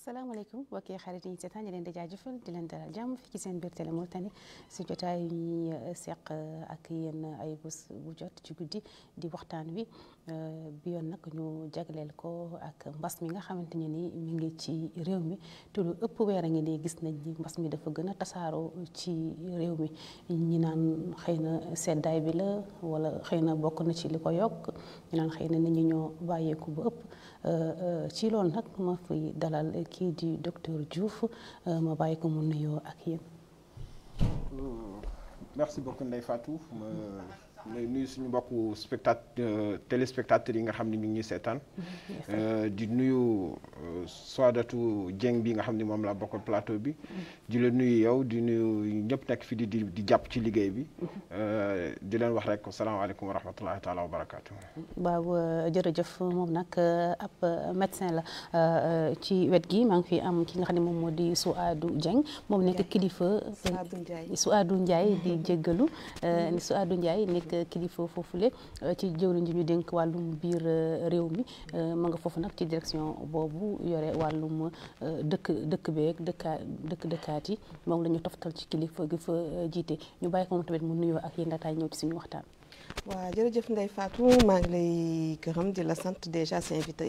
salaamaaleykum mbokki xarit yi seetaan ñu leen di jaajëfal di leen dalal jàmm fii ci seen biir Télé Mauritanie si jotaay ñuy euh, seq euh, ak yéen ay bus bu jot ci guddi di waxtaan wi euh, bi yoon nag ñu jagleel ko ak mbas mi nga xamante ne ni mi ngi ci réew mi te ëpp weer a ngi nii gis nañ ni mbas mi dafa gën a tasaaroo ci réew mi ñi naan xëy na seddaay bi la wala xëy na bokk na ci li ko yokk ñi naan xëy na nit ñi ñoo bàyyeeku ba ëpp. ci loolu nag ma fiy dalal kii di docteur Diouf ma bàyyi ko mu nuyoo ak yéen. Euh, merci Fatou. may nuyu suñu mbokku spectat euh, téléspectateurs yi nga xam ne ñu ngi ñuy seetaan. Euh, di nuyu euh, Soadatu Dieng bi nga xam ne moom laa bokkal plateau bi. di la nuyu yow di nuyu ñëpp nekk fi di di jàpp ci liggéey bi. di leen wax rek salaamaaleykum wa rahmatullahi taala wa barakaatu. waaw jërëjëf moom nag ab médecin la ci wet gi maa ngi fi am ki nga xam ne moom moo di Soadou Dieng moom nekk kilifa. Soadou Ndiaye njaay di jéggalu mm-hmm. Soadou Ndiaye nekk. kilifa foofule euh, ci jëwriñ ji ñu dénk wàllum biir euh, réew mi euh, ma nga foofu nag ci direction boobu yore wàllum dëkk dëkk beeg dëkkaa dëkk dëkkaat yi moom la ñu toftal ci kilifa gi fa jiite ñu bàyyi ko moom tamit mu nuyoo ak yéen daataa ñëw ci suñu waxtaan waaw jërëjëf Ndeye Fatou maa ngi lay gërëm di la sant déjà sa invité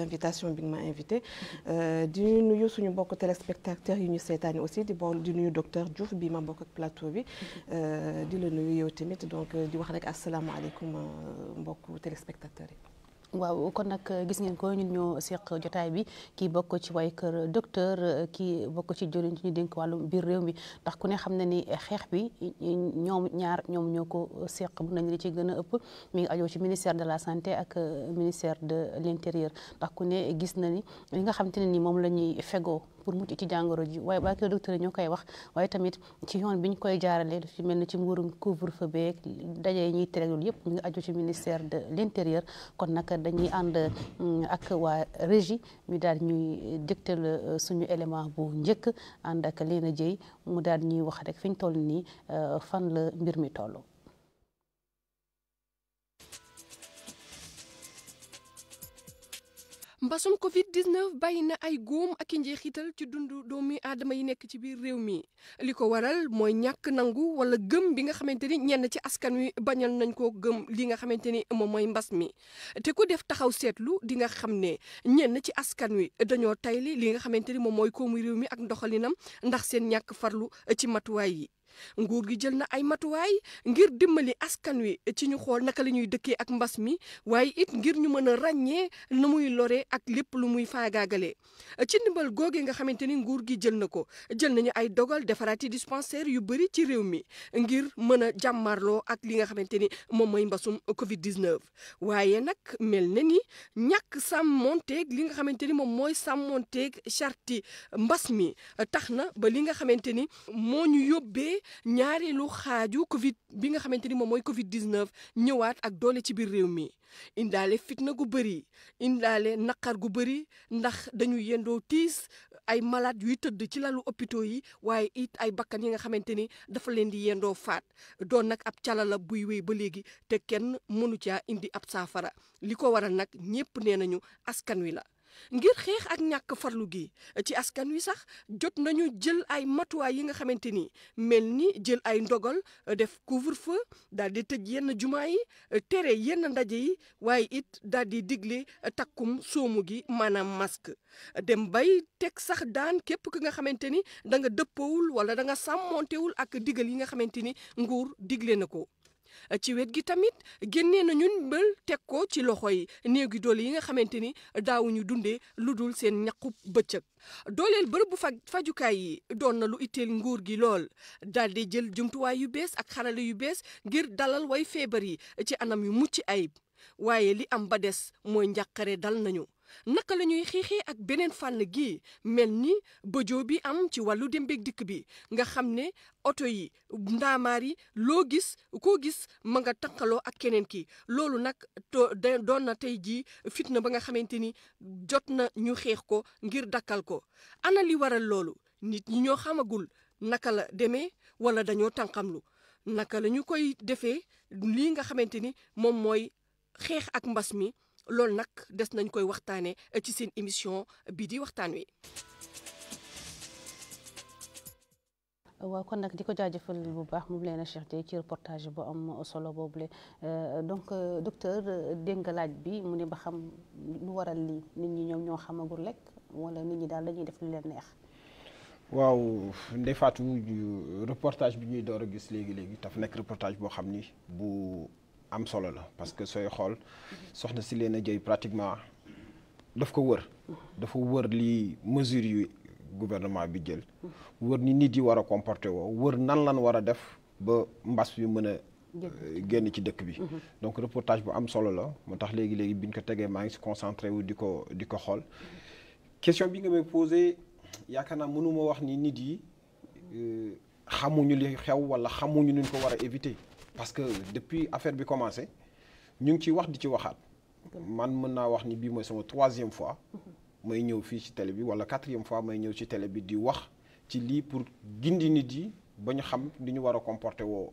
invitation bi nga ma invité mm-hmm. euh, di nuyu suñu mbokk téléspectateurs yi ñu seetaani aussi di bool di nuyu docteur Diouf bii ma bokk ak plateau bi mm-hmm. euh, di la nuyu yow tamit donc di wax rek asalaamaaleykum euh, mbokk téléspectateurs yi waaw kon nag euh, gis ngeen ko ñun ñoo seq jotaay bi kii bokk ci way kër docteur euh, kii bokk ci jëriñ ci ñu dénk wàllum biir réew mi ndax ku ne xam na ni xeex bi ñoom ñaar ñoom ñoo ko seq mën nañu li ci gën a ëpp mi ngi ajoo ci ministère de la santé ak euh, ministère de l'intérieur ndax ku ne gis na ni li nga xamante ne ni moom la ñuy fegoo pour mucc ci jàngoro ji waaye ba kër docteur ñoo koy wax waaye tamit ci yoon bi ñu koy jaarale ci mel ni ci mbuurum couvre-feu beeg daje ñuy tere loolu yëpp mi ngi ajoo ci ministère de l'intérieur kon nag dañuy ànd mm, ak waa régie ñu daal ñuy jëktal euh, suñu élément bu njëkk ànd ak Léna Dièye mu daal ñuy wax rek fi ñu toll nii euh, fan la mbir mi toll. mbasum Covid 19 bàyyi na ay góom ak i ci dundu doomi aadama yi nekk ci biir réew mi li ko waral mooy ñàkk nangu wala gëm bi nga xamante ni ñenn ci askan wi bañal nañ koo gëm li nga xamante ni moom mooy mbas mi. te ko def taxaw seetlu di nga xam ne ñenn ci askan wi dañoo tayli li nga xamante ni moom mooy koomu réew mi ak ndoxalinam ndax seen ñàkk farlu ci matuwaay yi. nguur gi jël na ay matuwaay ngir dimbali askan wi ci ñu xool naka la ñuy dëkkee ak mbas mi waaye it ngir ñu mën a ràññee nu muy lore ak lépp lu muy faagaagalee ci ndimbal googe nga xamante ni nguur gi jël na ko jël nañu ay dogal defaraati dispensaire yu bëri ci réew mi ngir mën a jàmmarloo ak li nga xamante ni moom mooy mbasum Covid 19. waaye nag mel na ni ñàkk sàmmonteeg li nga xamante ni moom mooy sàmmonteeg charti mbas mi tax na ba li nga xamante ni moo ñu yóbbee ñaareelu xaaju Covid bi nga xamante ni moom mooy Covid 19 ñëwaat ak doole ci biir réew mi indaale fitna gu bëri indaale naqar gu bëri ndax dañuy yendoo tiis ay malade yuy tëdd ci lalu hôpitaux yi waaye it ay bakkan yi nga xamante ni dafa leen di yendoo faat doon nag ab calala buy wéy ba léegi te kenn mënu caa indi ab saafara li ko waral nag ñépp nee nañu askan wi la. ngir xeex ak ñàkk farlu gi ci askan wi sax jot nañu jël ay matuwaay yi nga xamante ni mel ni jël ay ndogal def couvre-feu daal di tëj yenn jumaa yi tere yenn ndaje yi waaye it daal di digle takkum soomu gi maanaam masque dem bay teg sax daan képp ki nga xamante ni da nga dëppawul wala da nga sàmmontewul ak digal yi nga xamante ni nguur digle na ko ci wet gi tamit génnee nañu ñun teg ko ci loxo yi néegi doole yi nga xamante ni daawuñu dunde lu dul seen ñaqu bëccëg dooleel bërëb bu fa fajukaay yi doon na lu itteel nguur gi lool daal di jël jumtuwaay yu bees ak xarala yu bees ngir dalal way feebar yi ci anam yu mucc ayib waaye li am ba des mooy njàqare dal nañu naka la ñuy xiixi ak beneen fànn gi mel ni bëjoo bi am ci wàllu dem beeg dikk bi nga xam ne oto yi ndaamaar yi loo gis koo gis ma nga tànqaloo ak keneen ki loolu nag doon na tey jii fitna ba nga xamante ni jot na ñu xeex ko ngir dakkal ko ana li waral loolu nit ñi ñoo xamagul naka la demee wala dañoo tànqamlu naka la ñu koy defee li nga xamante ni moom mooy xeex ak mbas mi loolu nag des nañ koy waxtaanee euh, ci seen émission bi di waxtaan wi. waaw kon nag di ko jaajëfal bu baax moom leen a Cheikh Dieye ci reportage bu am solo boobule euh, donc euh, docteur dégg bi mu ne ba xam lu waral lii nit ñi ñoom ñoo xamagul rek wala nit ñi daal dañuy def lu leen neex. waaw Ndeye Fatou reportage bi ñuy door a gis léegi léegi daf nekk reportage boo xam ni bu. am solo la parce que sooy xool soxna si leen a jëy pratiquement daf ko wër dafa wër li mesure yu gouvernement bi jël wër ni nit yi war a comporter woo wër nan lan war a def ba mbas bi mën a euh, génn ci dëkk bi donc reportage bu am solo la moo tax léegi-léegi bi ñu ko tegee maa ngi si concentré wu di ko di ko xool question bi nga may posé yaakaar naa mënuma wax ni nit yi euh, xamuñu li xew wala xamuñu nuñ ko war a éviter parce que depuis affaire bi commencer ñu ngi ciy wax di ci waxaat man mën naa wax ni bii mooy sama troisième fois may ñëw fii ci télé bi wala quatrième fois may ñëw ci tele bi di wax ci lii pour gindi nit yi ba ñu xam di ñu war a comporter woo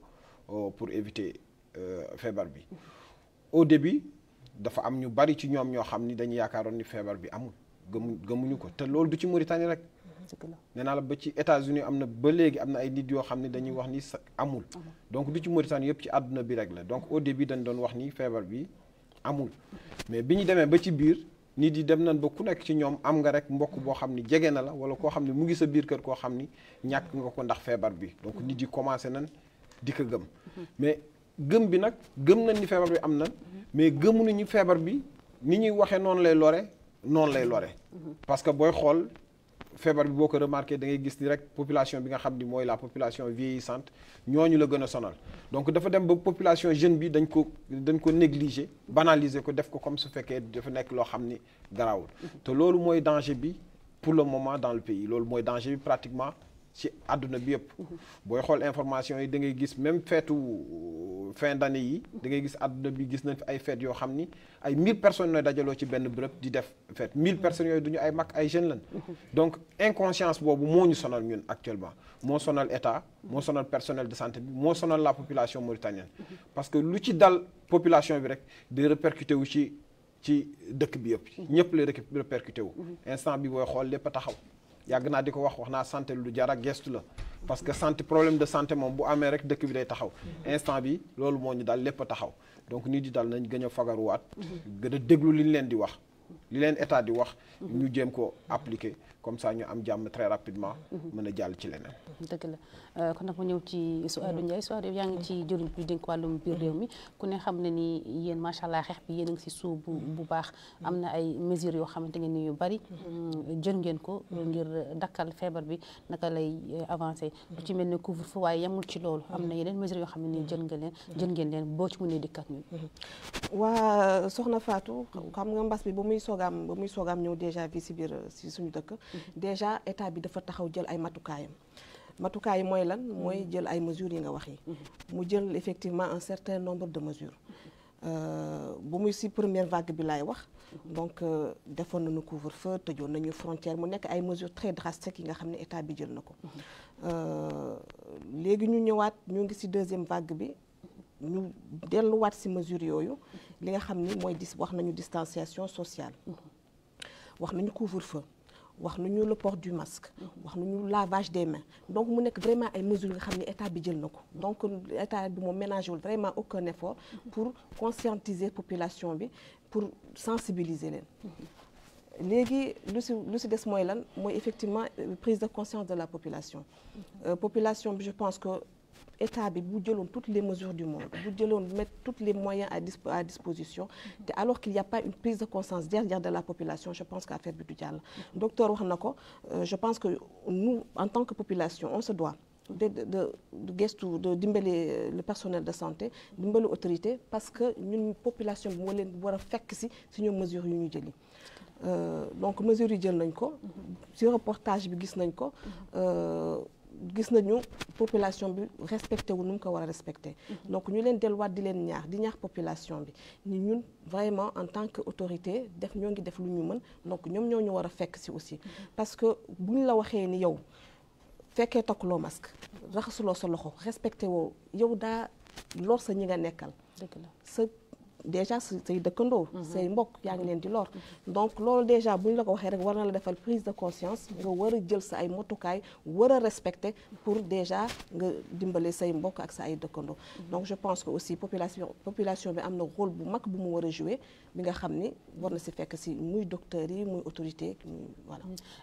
euh, pour éviter euh, feebar bi au début dafa am ñu bari ci ñoom ñoo xam ni dañu yaakaaroon ni feebar bi amul gëmu gëmuñu ko te loolu du ci Mauritanie rek nee naa la ba ci États-Unis am na ba léegi am na ay nit yoo xam ne dañuy wax ni sa amul donc du ci Mauritanie yëpp ci àdduna bi rek la donc au début dañ doon wax ni feebar bi amul mais bi ñu demee ba ci biir nit yi dem nañ ba ku nekk ci ñoom am nga rek mbokk boo xam ni jege na la wala koo xam ne mu ngi sa biir kër koo xam ni ñàkk nga ko ndax feebar bi donc nit yi commencé nañ di ko gëm mm-hmm. mais gëm bi nag gëm nañ ni feebar bi am na mm-hmm. mais gëmuñu nañu feebar bi ni ñuy waxee noonu lay lore noonu lay lore mm-hmm. parce que booy xool feebar bi boo ko remarqué da ngay gis ni rek population bi nga xam ni mooy la population vieillissante ñooñu la gën a sonal donc dafa dem ba population jeune bi dañ ko dañ ko négliger banaliser ko def ko comme su fekkee dafa nekk loo xam ni garaawul mm-hmm. te loolu mooy danger bi pour le moment dans le pays loolu mooy danger bi pratiquement ci àdduna bi yëpp booy xool information yi da ngay gis même feetu euh, fin d'année yi da ngay gis àdduna bi gis nañ fi ay feet yoo xam ni ay mille personne nooy dajaloo ci benn bërëb di def feet mille personnes yooyu du ñu ay mag ay jeunes lan donc inconscience boobu moo ñu sonal ñun actuellement moo sonal état moo sonal personnel de santé bi moo sonal la population mauritanienne parce que lu ci dal population bi rek di répercuté wu ci ci dëkk bi yëpp ñëpp lay répercuté wu instant bi booy xool lépp a taxaw yàgg naa di ko wax wax naa santé lu jar ak gestu la parce que santé problème de santé moom bu amee rek dëkk bi day taxaw mm-hmm. instant bi loolu moo ñu daal lépp a taxaw donc nit di daal nañ gën a fagaruwaat mm-hmm. gën a déglu li ñu leen di wax li leen état di wax mm-hmm. ñu jéem ko appliquer comme ça ñu am jàmm très rapidement. Mhm. mën a jàll ci leneen. dëgg la euh, kon nag ma ñëw ci Souadou mhm. Ndiaye Souadou mhm. na a ngi si na ay yoo xamante ne ni yu bari mm, jël ngeen ko ngir dakkal feebar bi naka lay euh, avancé. lu ci mel ne couvre-feu waaye yemul ci loolu am na yeneen mesures yoo xam ne ni jël nga leen jël ngeen leen boo ci mënee dikkat ñun. waa mbas bi ba muy soogaam ba muy soogaam ñëw déjà fii suñu dëkk. déjà état bi dafa taxaw jël ay matukaayam matukaay mooy lan mooy mm-hmm. jël ay mesures yi nga wax yi mm-hmm. mu jël effectivement un certain nombre de mesures euh, bu muy ci première vague bi laay wax mm-hmm. donc euh, defoon nañu couvre-feu tëjoon nañu frontière mu nekk ay mesures très drastiques yi nga xam ne état bi jël na ko euh, léegi ñu ñëwaat ñu ngi ci deuxième vague bi ñu delluwaat ci mesures yooyu li nga xam ni mooy dis wax nañu distanciation sociale wax nañu couvre-feu wax nañu le port du masque wax nañu lavage des mains donc mu nekk vraiment ay mesures nga xam ne état bi jël na ko donc état bi moom ménage wul vraiment aucun effort pour conscientiser population bi pour sensibiliser leen léegi lu si lu si des mooy lan mooy effectivement euh, prise de conscience de la population euh, population bi je pense que état bi bu jëloon toutes les mesures du monde bu jëloon mettre tous les moyens à disposition mm-hmm. te alors qu'il n'y a pas une prise de conscience derrière de la population je pense que affaire bi du jàll mm-hmm. docteur wax na ko euh, je pense que nous en tant que population on se doit de de de gestu de dimbali euh, le personnel de santé mm-hmm. dimbali autorité parce que ñun population bi moo leen war a fekk si suñu mesures yu ñu jëli euh, donc mesures yi jël nañ ko. ci reportage bi gis nañ ko. gis nañu population bi respecté wu nu mu ko war a respecté. Mhm. donc ñu leen delluwaat di leen ñaax di ñaax population bi ni ñun vraiment en tant que autorité def ñoo ngi def lu ñu mën donc ñoom ñoo ñu war a fekk si aussi. Mhm. parce que bu ñu la waxee ni yow fekkee takkuloo masque. raxasuloo sa loxo respecté woo yow daa lool sa ñi nga nekkal. dëgg la déjà say dëkkandoo mhm. say mbokk yaa ngi leen di loor mhm. donc loolu déjà bu ñu la ko waxee rek war na la defal prise de conscience nga war a jël sa ay motukaay war a respecter pour déjà nga dimbale say mbokk ak sa ay dëkkandoo mhm. donc je pense que aussi population population bi am na rôle bu mag bu mu war a jouer bi nga xam ni war na si fekk si muy docteurs yi muy autorité muy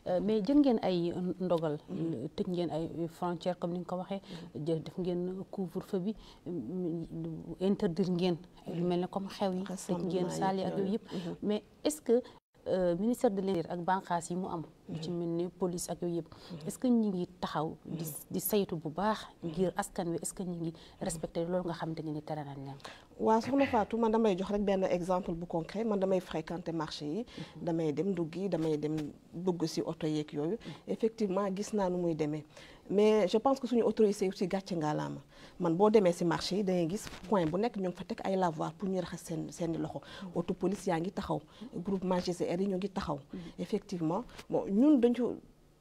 euh, mais jël ngeen ay ndogal euh, tëj ngeen ay frontières comme ni nga ko waxee def ngeen couvre-feu bi euh, interdire ngeen xew yi ak jigéen saal yi ak yooyu yëpp mhm. mais est-ce que euh, ministère de l'intérieur ak bànqaas yi mu am lu ci mhm. mel ni police ak yooyu yëpp mhm. est-ce que ñi ngi taxaw di di saytu bu baax ngir askan wi est-ce que ñi ngi respecté loolu nga xamante ne ni tere nañ leen waaw soxna Fatou man damay jox rek benn exemple bu concret man damay fréquenter marché yi damay dem dugg yi damay dem dugg si oto yeeg yooyu effectivement gis naa nu muy demee mais je pense que suñu autorité aussi gàcce ngaalaama man boo demee si marché yi da gis point bu nekk ñu fa teg ay lavoir pour ñu raxas seen seen loxo mm. auto yaa ngi taxaw mm. groupement GCR yi ñu ngi taxaw mm. effectivement ñun dañu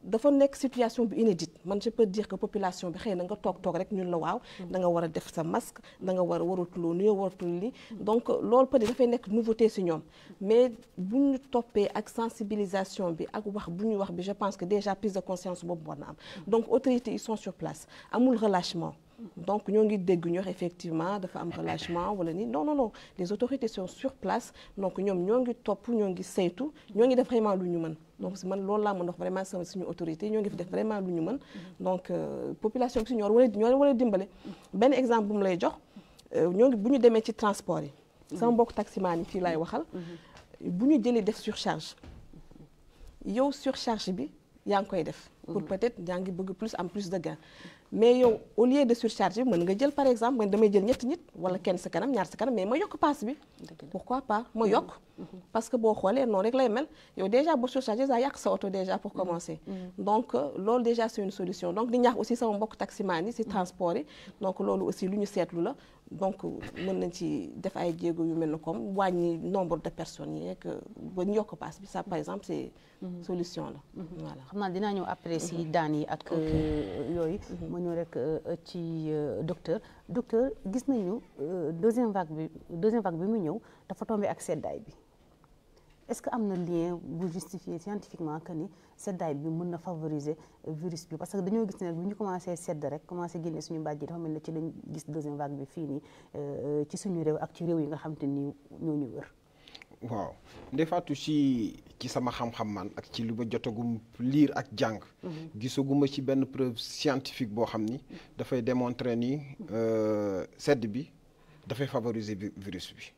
dafa nekk situation bi inédite man je peux dire que population bi xëy na nga toog toog rek ñun la waaw da nga war a def sa masque da nga war a waratuloo nuyoo waratul li donc loolu peut dafay nekk nouveauté si ñoom mais bu ñu toppee ak sensibilisation bi ak wax bu ñuy wax bi je pense que déjà prise de conscience boobu war na am donc autorités ils sur place amul relâchement donc ñoo ngi dégg ñu wax effectivement dafa am relâchement wala ni non non non les autorités sont sur place donc ñoom ñoo ngi topp ñoo ngi saytu ñoo ngi def vraiment lu ñu mën donc man loolu laa mën wax vraiment sama suñu autorité ñoo fi def vraiment lu ñu mën donc euh, population bi si ñoor wala ñoo wala dimbale benn exemple bu mu lay jox euh, ñoo ngi bu ñu demee ci transport yi sama mbokk taximaan yi fii laay waxal bu ñu jëlee def surcharge yow surcharge bi yaa ngi koy def pour peut-être yaa ngi bëgg plus en plus de gain mais yow au lieu de surcharger mën nga jël par exemple man damay jël ñett nit wala kenn sa kanam ñaar sa kanam mais ma yokk paas bi pourquoi pas ma yokk mm-hmm. parce que boo xoolee noonu rek lay mel yow déjà boo surcharger ça yàq sa oto déjà pour mm-hmm. commencer mm-hmm. donc euh, loolu déjà c'est une solution donc di ñaax aussi sama mbokk taximaan yi si transport yi donc loolu aussi lu ñu seetlu la donc mën nañ ci def ay jéego yu mel ne comme wàññi nombre de personnes yi rek ba ñu yokk paas bi ça par exemple c'est mhm. solution la mhm. voilà xam naa dinaa ñëw après si mhm. daan yi ak euh, yooyu ma ñëw rek euh, ci euh, docteur docteur gis nañu deuxième vague bi deuxième vague bi mu ñëw dafa tombé ak seddaay bi est-ce que am na lien bu justifié scientifiquement que ni seddaay bi mën na favoriser euh, virus bi parce que dañoo gis ne bu ñu commencé sedd rek commencé génne suñu mbàjj yi dafa mel ne ci lañ gis deuxième vague euh, ci suñu réew ak ci réew yi nga xam te ni ñoo wër. waaw ndefaatu ci ci sama xam-xam man ak ci lu ma jotagum liir ak jàng. Mhm. gisaguma ci benn preuve scientifique boo xam ni dafay démontrer ni euh, sedd bi dafay favoriser virus bi.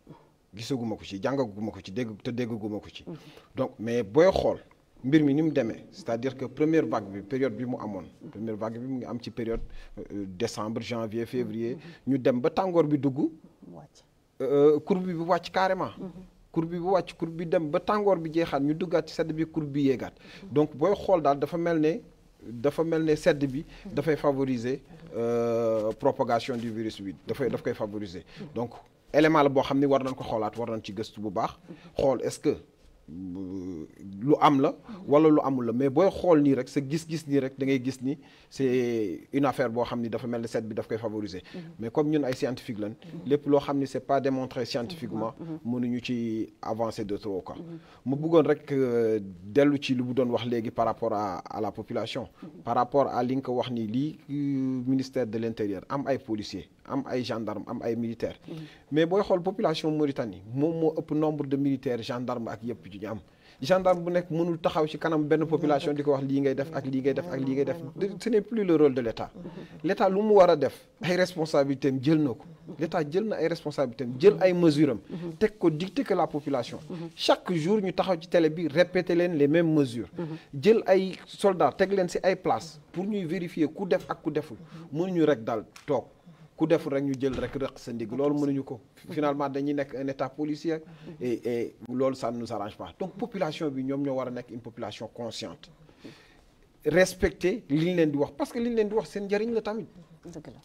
gisaguma ko ci jàngaguma ko ci dégg te déggaguma ko ci. Mm-hmm. donc mais booy xool mbir mi ni mu demee c'est-à-dire que première vague bi période bi mu amoon. première vague bi mu ngi am ci période euh, décembre janvier février. Mm-hmm. ñu dem ba tàngoor bi dugg. wàcc euh, courbe bi wàcc carrément. Mm-hmm. courbe bi wàcc courbe bi dem ba tàngoor bi jeexaat ñu duggaat ci sedd bi courbe bi yéegaat. donc booy xool daal dafa mel ne. dafa mel ne sedd bi dafay favoriser euh, propagation du virus bi dafa daf koy favoriser élément la boo xam ni war nañ ko xoolaat war nañ ci gëstu bu baax xool est-ce que euh, lu am la wala lu amul la mais booy xool nii rek sa gis-gis nii rek da ngay gis ni c'est une affaire boo xam ni dafa mel ni seet bi daf koy favoriser mais comme ñun ay scientifique lan lépp loo xam ni c'est pas démontré scientifiquement mënuñu ci avancer de trop quoi mu bëggoon rek euh, dellu ci li mu doon wax léegi par rapport à la population par rapport à li nga ko wax ni lii euh, ministère de l'intérieur am ay policiers am ay gendarme am ay militaire mhm. mais booy xool population Mauritanie moom moo ëpp nombre de militaires gendarme ak yëpp ju ñu am gendarme bu nekk mënul taxaw ci kanam benn population di ko wax lii ngay def ak lii ngay def ak lii ngay def ce n'est plus le rôle de mhm. l'État lu mu war a def ay responsabilités jël na ko mhm. l'État jël na ay responsabilités am jël ay mesures am teg ko dicté que la population chaque jour ñu taxaw ci télé bi répéter leen les mêmes mesures jël ay soldats teg leen ci ay places pour ñuy vérifier ku def ak ku deful mënuñu rek daal toog ku deful rek ñu jël rek rëq sa ndigg loolu mënuñu ko finalement dañuy nekk un état policier loolu ça ne nous donc population bi ñoom ñoo war a nekk une di wax parce que li ñu leen di wax seen njëriñ la tamit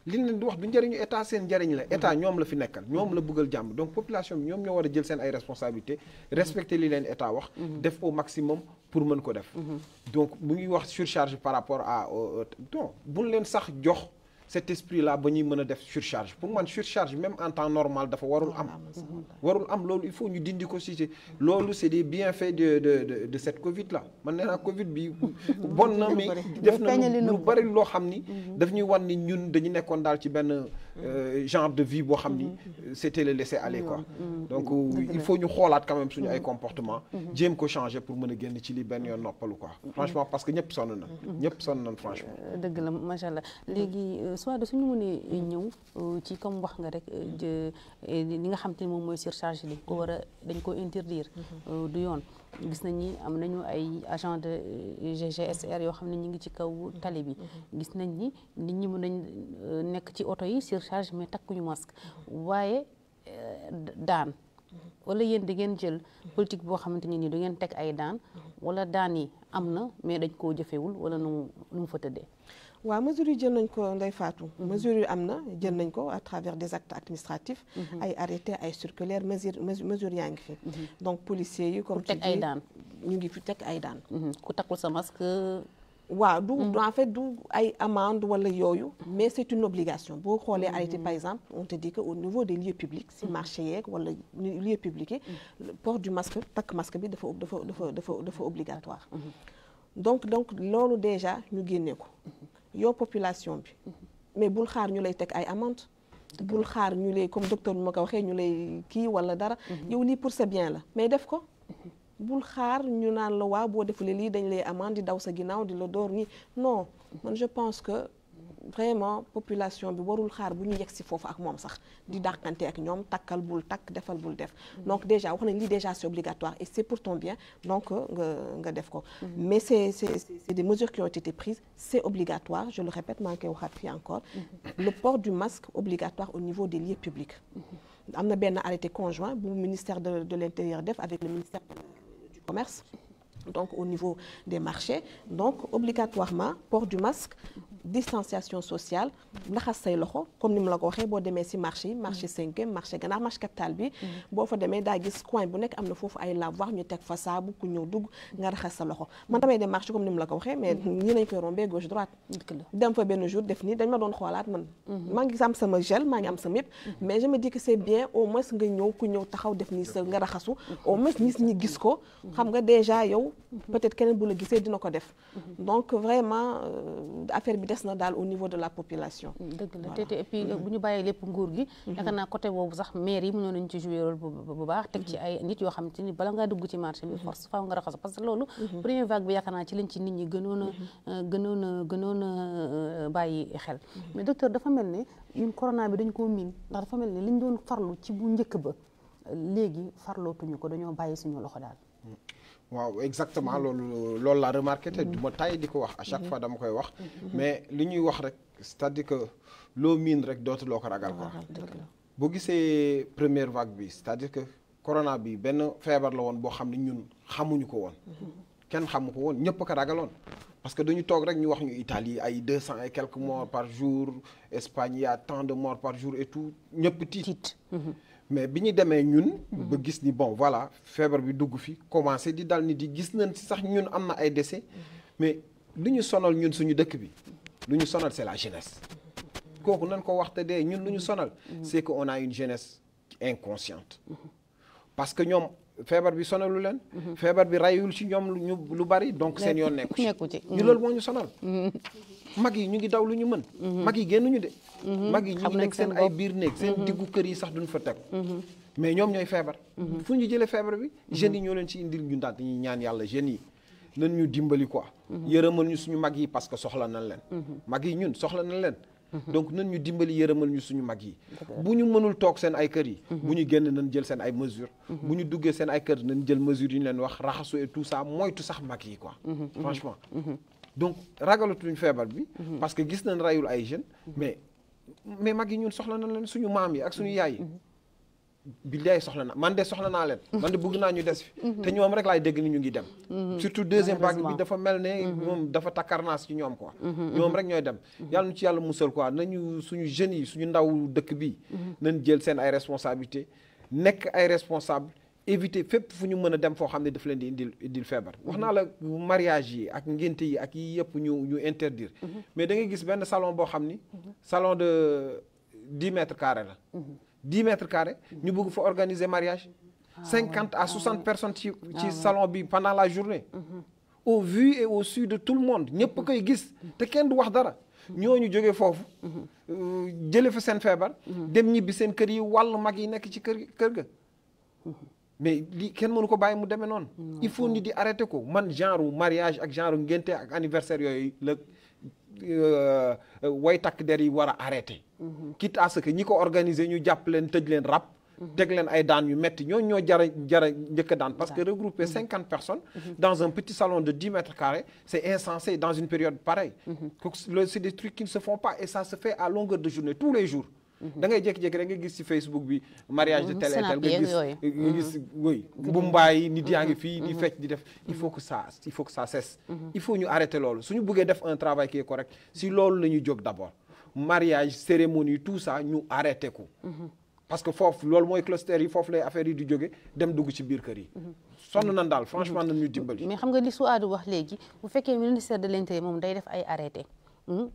li ñu leen di wax du njëriñu état seen njëriñ la état fi nekkal ñoom la bëggal jàmm donc population bi ñoom ñoo war a jël seen ay wax mm-hmm. def au maximum pour mën ko def mm-hmm. donc bu ñuy wax surcharge par rapport à donc buñ leen sax jox cet esprit là ba ñuy mën a def surcharge pour man surcharge même en temps normal dafa warul am warul am loolu il faut ñu dindi ko si si loolu c'est des bienfaits de de de de cette Covid là man nee naa Covid bi bon na mais def na lu bari loo xam ni mhm. daf ñuy wan ni ñun dañu nekkoon daal ci benn Euh, genre de vie boo xam ni c'était le laisser aller quoi mm. Mm. il faut ñu xoolaat quand même suñu ay mm. comportement jéem ko changer pour mën a génn ci li benn yoon noppalu quoi franchement parce que ñëpp sonn na ñëpp sonn nañ franchement euh, dëgg la macha allah léegi euh, soit de suñu mënee ñëw ci comme wax nga rek li nga xam te moom mooy surcharge bi ko war a dañ ko interdire mm-hmm. du yoon gis nañ ni am nañu ay agent de euh, GGSR yoo xam ne ñu ngi ci kaw tali bi mhm. Mhm. gis nañ ni nit ñi mën nañ euh, nekk ci oto yi surcharge mais takkuñu masque mhm. waaye euh, daan wala yéen da ngeen jël politique boo xamante ne nii du ngeen teg ay daan wala daan yi am na mais dañ koo jëfewul wala nu mu mu fa tëddee waaw mesures yi jël nañ ko Ndeye Fatou mhm. mesures yi am na jël nañ ko à travers des actes administratifs mhm. ay arrêté ay circulaire mesure mesures yaa ngi fi mhm. donc policiers yi comme teg ay daan ñu ngi fi teg ay daan ku takkul sa masque waaw du en fait du ay amende wala yooyu mais c'est une obligation boo xoolee arrêté par exemple on te dit que au niveau des lieux publics si marché yeeg wala lieux publics yi port du masque takk masque bi dafa dafa dafa dafa dafa obligatoire donc donc loolu déjà ñu génnee ko yow population bi mais bul xaar ñu lay teg ay amende bul xaar ñu lay comme docteur bi ma ko waxee ñu lay kii wala dara mhm. yow lii pour sa bien la mais def ko bul xaar ñu naan la waaw boo defulee lii dañ lay amende di daw sa ginnaaw di la door nii non man pense que vraiment population bi warul xaar bu ñu yegg si foofu ak moom sax di dàqante ak ñoom takkal bul takk defal bul def donc déjà wax nañ lii déjà c'est obligatoire et c'est pour bien donc nga nga def ko mhm. mais c'est c'est des mesures qui ont été prises c'est obligatoire je le répète maa ngi koy waxaat fii encore mhm. le port du masque obligatoire au niveau des lieux publics mhm. am na benn arrêté conjoint bu ministère de de l'intérieur def avec le ministère du commerce donc au niveau des marchés donc obligatoirement port du masque distanciation sociale laxas say loxo comme ni mu la ko waxee boo demee si marché marché mm. cinquième marché ganaar marché capital bi mm. boo fa demee daa gis coin bu nekk am na foofu ay lavoir ñu teg fa ku ñëw dugg nga raxas sa loxo man damay dem marché comme ni mu la ko waxee mais mm. ñi lañ koy rombee gauche ma doon xoolaat man mm-hmm. maa ngi am sama gel maa ngi am sama yëpp mm-hmm. mais je me dis que c'est bien au moins nga ñëw ku ñëw taxaw def nii sa nga raxasu au moins nit ñi gis ko mm-hmm. xam nga déjà yow peut-être keneen bu la gisee dina ko def donc vraiment euh, affaire bi des na daal au niveau de la population. Mm, dëgg la te te et mm-hmm. bu ñu bàyyee lépp nguur gi. Mm-hmm. yaakaar naa côté boobu sax maire yi mënoon nañu ci jouer rôle bu baax. teg ci ay nit yoo xam te ni bala nga dugg ci marché bi mm-hmm. force faaw nga raxas parce que loolu. première vague bi yaakaar ci lañ ci nit ñi gënoon a euh, gënoon a euh, bàyyi xel. mais docteur dafa mel ne ñun corona bi dañ koo miin ndax dafa mel ne liñ doon farlu ci bu njëkk ba léegi farlootuñu ko dañoo bàyyi suñu loxo daal. waaw exactement mm-hmm. loolu loolu laa remarqué te du ma di ko wax à chaque mm-hmm. fois dama koy wax mm-hmm. mais li ñuy wax rek c'est-à-dire que loo miin rek dootuloo ko ragal quoi boo gisee première vague bi c'est-à-dire que corona bi benn feebar la woon boo xam ne ñun xamuñu ko woon kenn xamu ko woon ñëpp ko ragaloon parce que dañu toog rek ñu wax ñu Italie ay deux cent et quelques morts par jour Espagne y a de morts par jour et tout ñëpp tiit mais bi ñu demee ñun. ba gis ni bon voilà feebar bi dugg fi commencé di dal nit yi gis nañ sax ñun am na ay décès mais lu ñu sonal ñun suñu dëkk bi lu ñu sonal c'est la jeunesse. kooku nañ ko wax te dee ñun lu ñu sonal. c'est que on a une jeunesse inconsciente. parce que ñoom feebar bi sonalu leen. feebar bi rayul ci ñoom lu ñu lu bari donc seen yoon nekku ci. ñu loolu moo ñu sonal. Mm-hmm. mag yi ñu ngi daw lu ñu mën mhm. mag yi génnuñu de mhm. mag yi ñu ngi nekk seen ay biir néeg seen mhm. diggu kër yi sax duñ fa teg mais ñoom ñooy feebar fu ñu jëlee feebar bi jeunes yi ñoo leen ci indil ñu daal dañuy ñaan yàlla jeunes yi nan ñu dimbali quoi yërëmal ñu suñu mag yi parce que soxla nañ leen mag yi ñun soxla nañ leen donc nan ñu dimbali yërëmal ñu suñu mag yi bu ñu mënul toog seen ay kër yi bu ñu génn nañ jël seen ay mesures bu ñu duggee seen ay kër nañ jël mesures yi ñu leen wax raxasoo et tout ça moytu sax mag yi quoi franchement donc ragalatuñ feebar bi. Mhm. parce que gis nañ rayul ay jeunes. Mhm. mais mais mag yi ñun soxla nañ leen suñu maam yi ak suñu yaay yi. Mhm. billaay soxla na man de soxla naa leen. man de bëgg naa ñu des fi. te ñoom rek laay dégg ni ñu ngi dem. surtout deuxième vague bi dafa mel ne. moom dafa takkarnaas ci ñoom quoi. ñoom rek ñooy dem. yàlla nu ci yàlla musal quoi nañu suñu jeunes yi suñu ndaw dëkk bi. nañ jël seen ay responsabilités nekk ay responsable éviter fépp fu ñu mën a dem foo xam ne daf leen di indil indil feebar wax naa la mariage yi ak ngénte yi ak yi yëpp ñu ñu interdire mhm. mais dangay gis benn salon boo xam ni mhm. salon de dix mètres carrés la mhm. dix mètres carrés ñu bugg fa organiser mariage ah, cinquante à ah, soixante personnes ci ci ah, salon bi pendant la journée au vu et au su de tout le monde ñëpp koy gis te kenn du wax dara ñooñu jógee foofu euh, jële fa seen feebar dem ñibbi seen kër yi wàllu mag yi nekk ci kër kër mais li kenn mënu ko bàyyi mu demee noonu. il faut nit di arrêté ko man genre mariage ak genre ngénte ak anniversaire yooyu la euh, way takk der yi war a arrêté. Mhm. quitte à ce ñi ko organiser ñu jàpp leen tëj leen rap. Mhm. teg leen ay daan yu metti ñoo ñoo jara jara njëkk a daan parce que regrouper mhm. cinquante personnes dans un petit salon de dix mètres carrés c'est insensé dans une période pareille c'est des qui ne se font pas et ça se fait à longueur de journée tous les jours da ngay jékki-jékki rek nga gis ci Facebook bi mariage de tel et nga gis nga bu mbaay nit yaa ngi fii di mm-hmm. fecc di def il faut que ça il faut que ça cesse mm-hmm. il faut ñu arrêter loolu suñu bëggee def un travail qui est correct si loolu la ñuy jóg d'abord mariage cérémonie tout ça ñu arrêté ko mm-hmm. parce que foofu loolu mooy cluster yi foofu lay affaire yi di jóge dem dugg ci biir kër yi sonn nan daal franchement nan ñu dimbali mais xam nga li su aadu wax léegi bu fekkee ministère de l'intérieur moom day def ay arrêté hmm,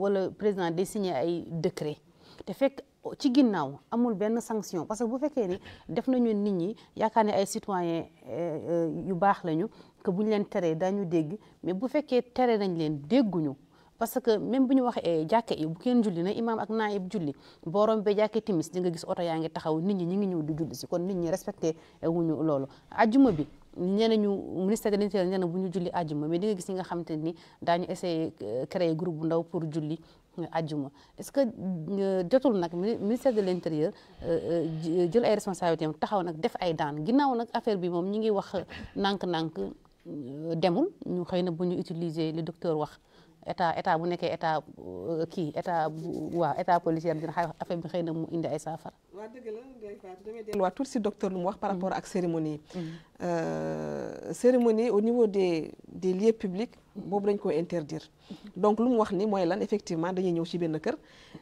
wala président day ay décret te fekk ci ginnaaw amul benn sanction parce que bu fekkee ni def nañu nit ñi yaakaar ne ay citoyen euh, yu baax lañu que bu ñu leen teree ñu dégg mais bu fekkee tere nañ leen dégguñu parce que même bu ñu waxee eh, jàkke yi bu kenn julli na imaam ak naayib julli boorom be jàkke timis di nga gis oto yaa ngi taxaw nit ñi ñu ngi ñëw di julli si kon nit ñi respecté ñu loolu ajjuma bi nee ñu ministère de l'intérieur bu ñu julli ajjuma mais di gis ñi nga xamante ni daañu essayé euh, créer groupe bu pour julli ajjuma est-ce que euh, jotul nag ministère de l'intérieur euh, euh, jël ay responsabilités am taxaw nag def ay daan ginnaaw nag affaire bi moom ñi ngi wax nànk-nànk demul ñu xëy na bu ñu utiliser le docteur wax état état bu nekkee état euh, kii état bu waaw état policier dina xay bi xëy na mu indi ay saafara. waa dëgg la Ndeye Fatou damay delluwaat tuuti si docteur lu mu wax par mm. rapport ak cérémonie yi. Mm. Euh, cérémonie au niveau des des lieux publics boobu dañ ko interdire. Mm-hmm. donc lu mu wax ni mooy lan effectivement dañuy ñëw ci benn kër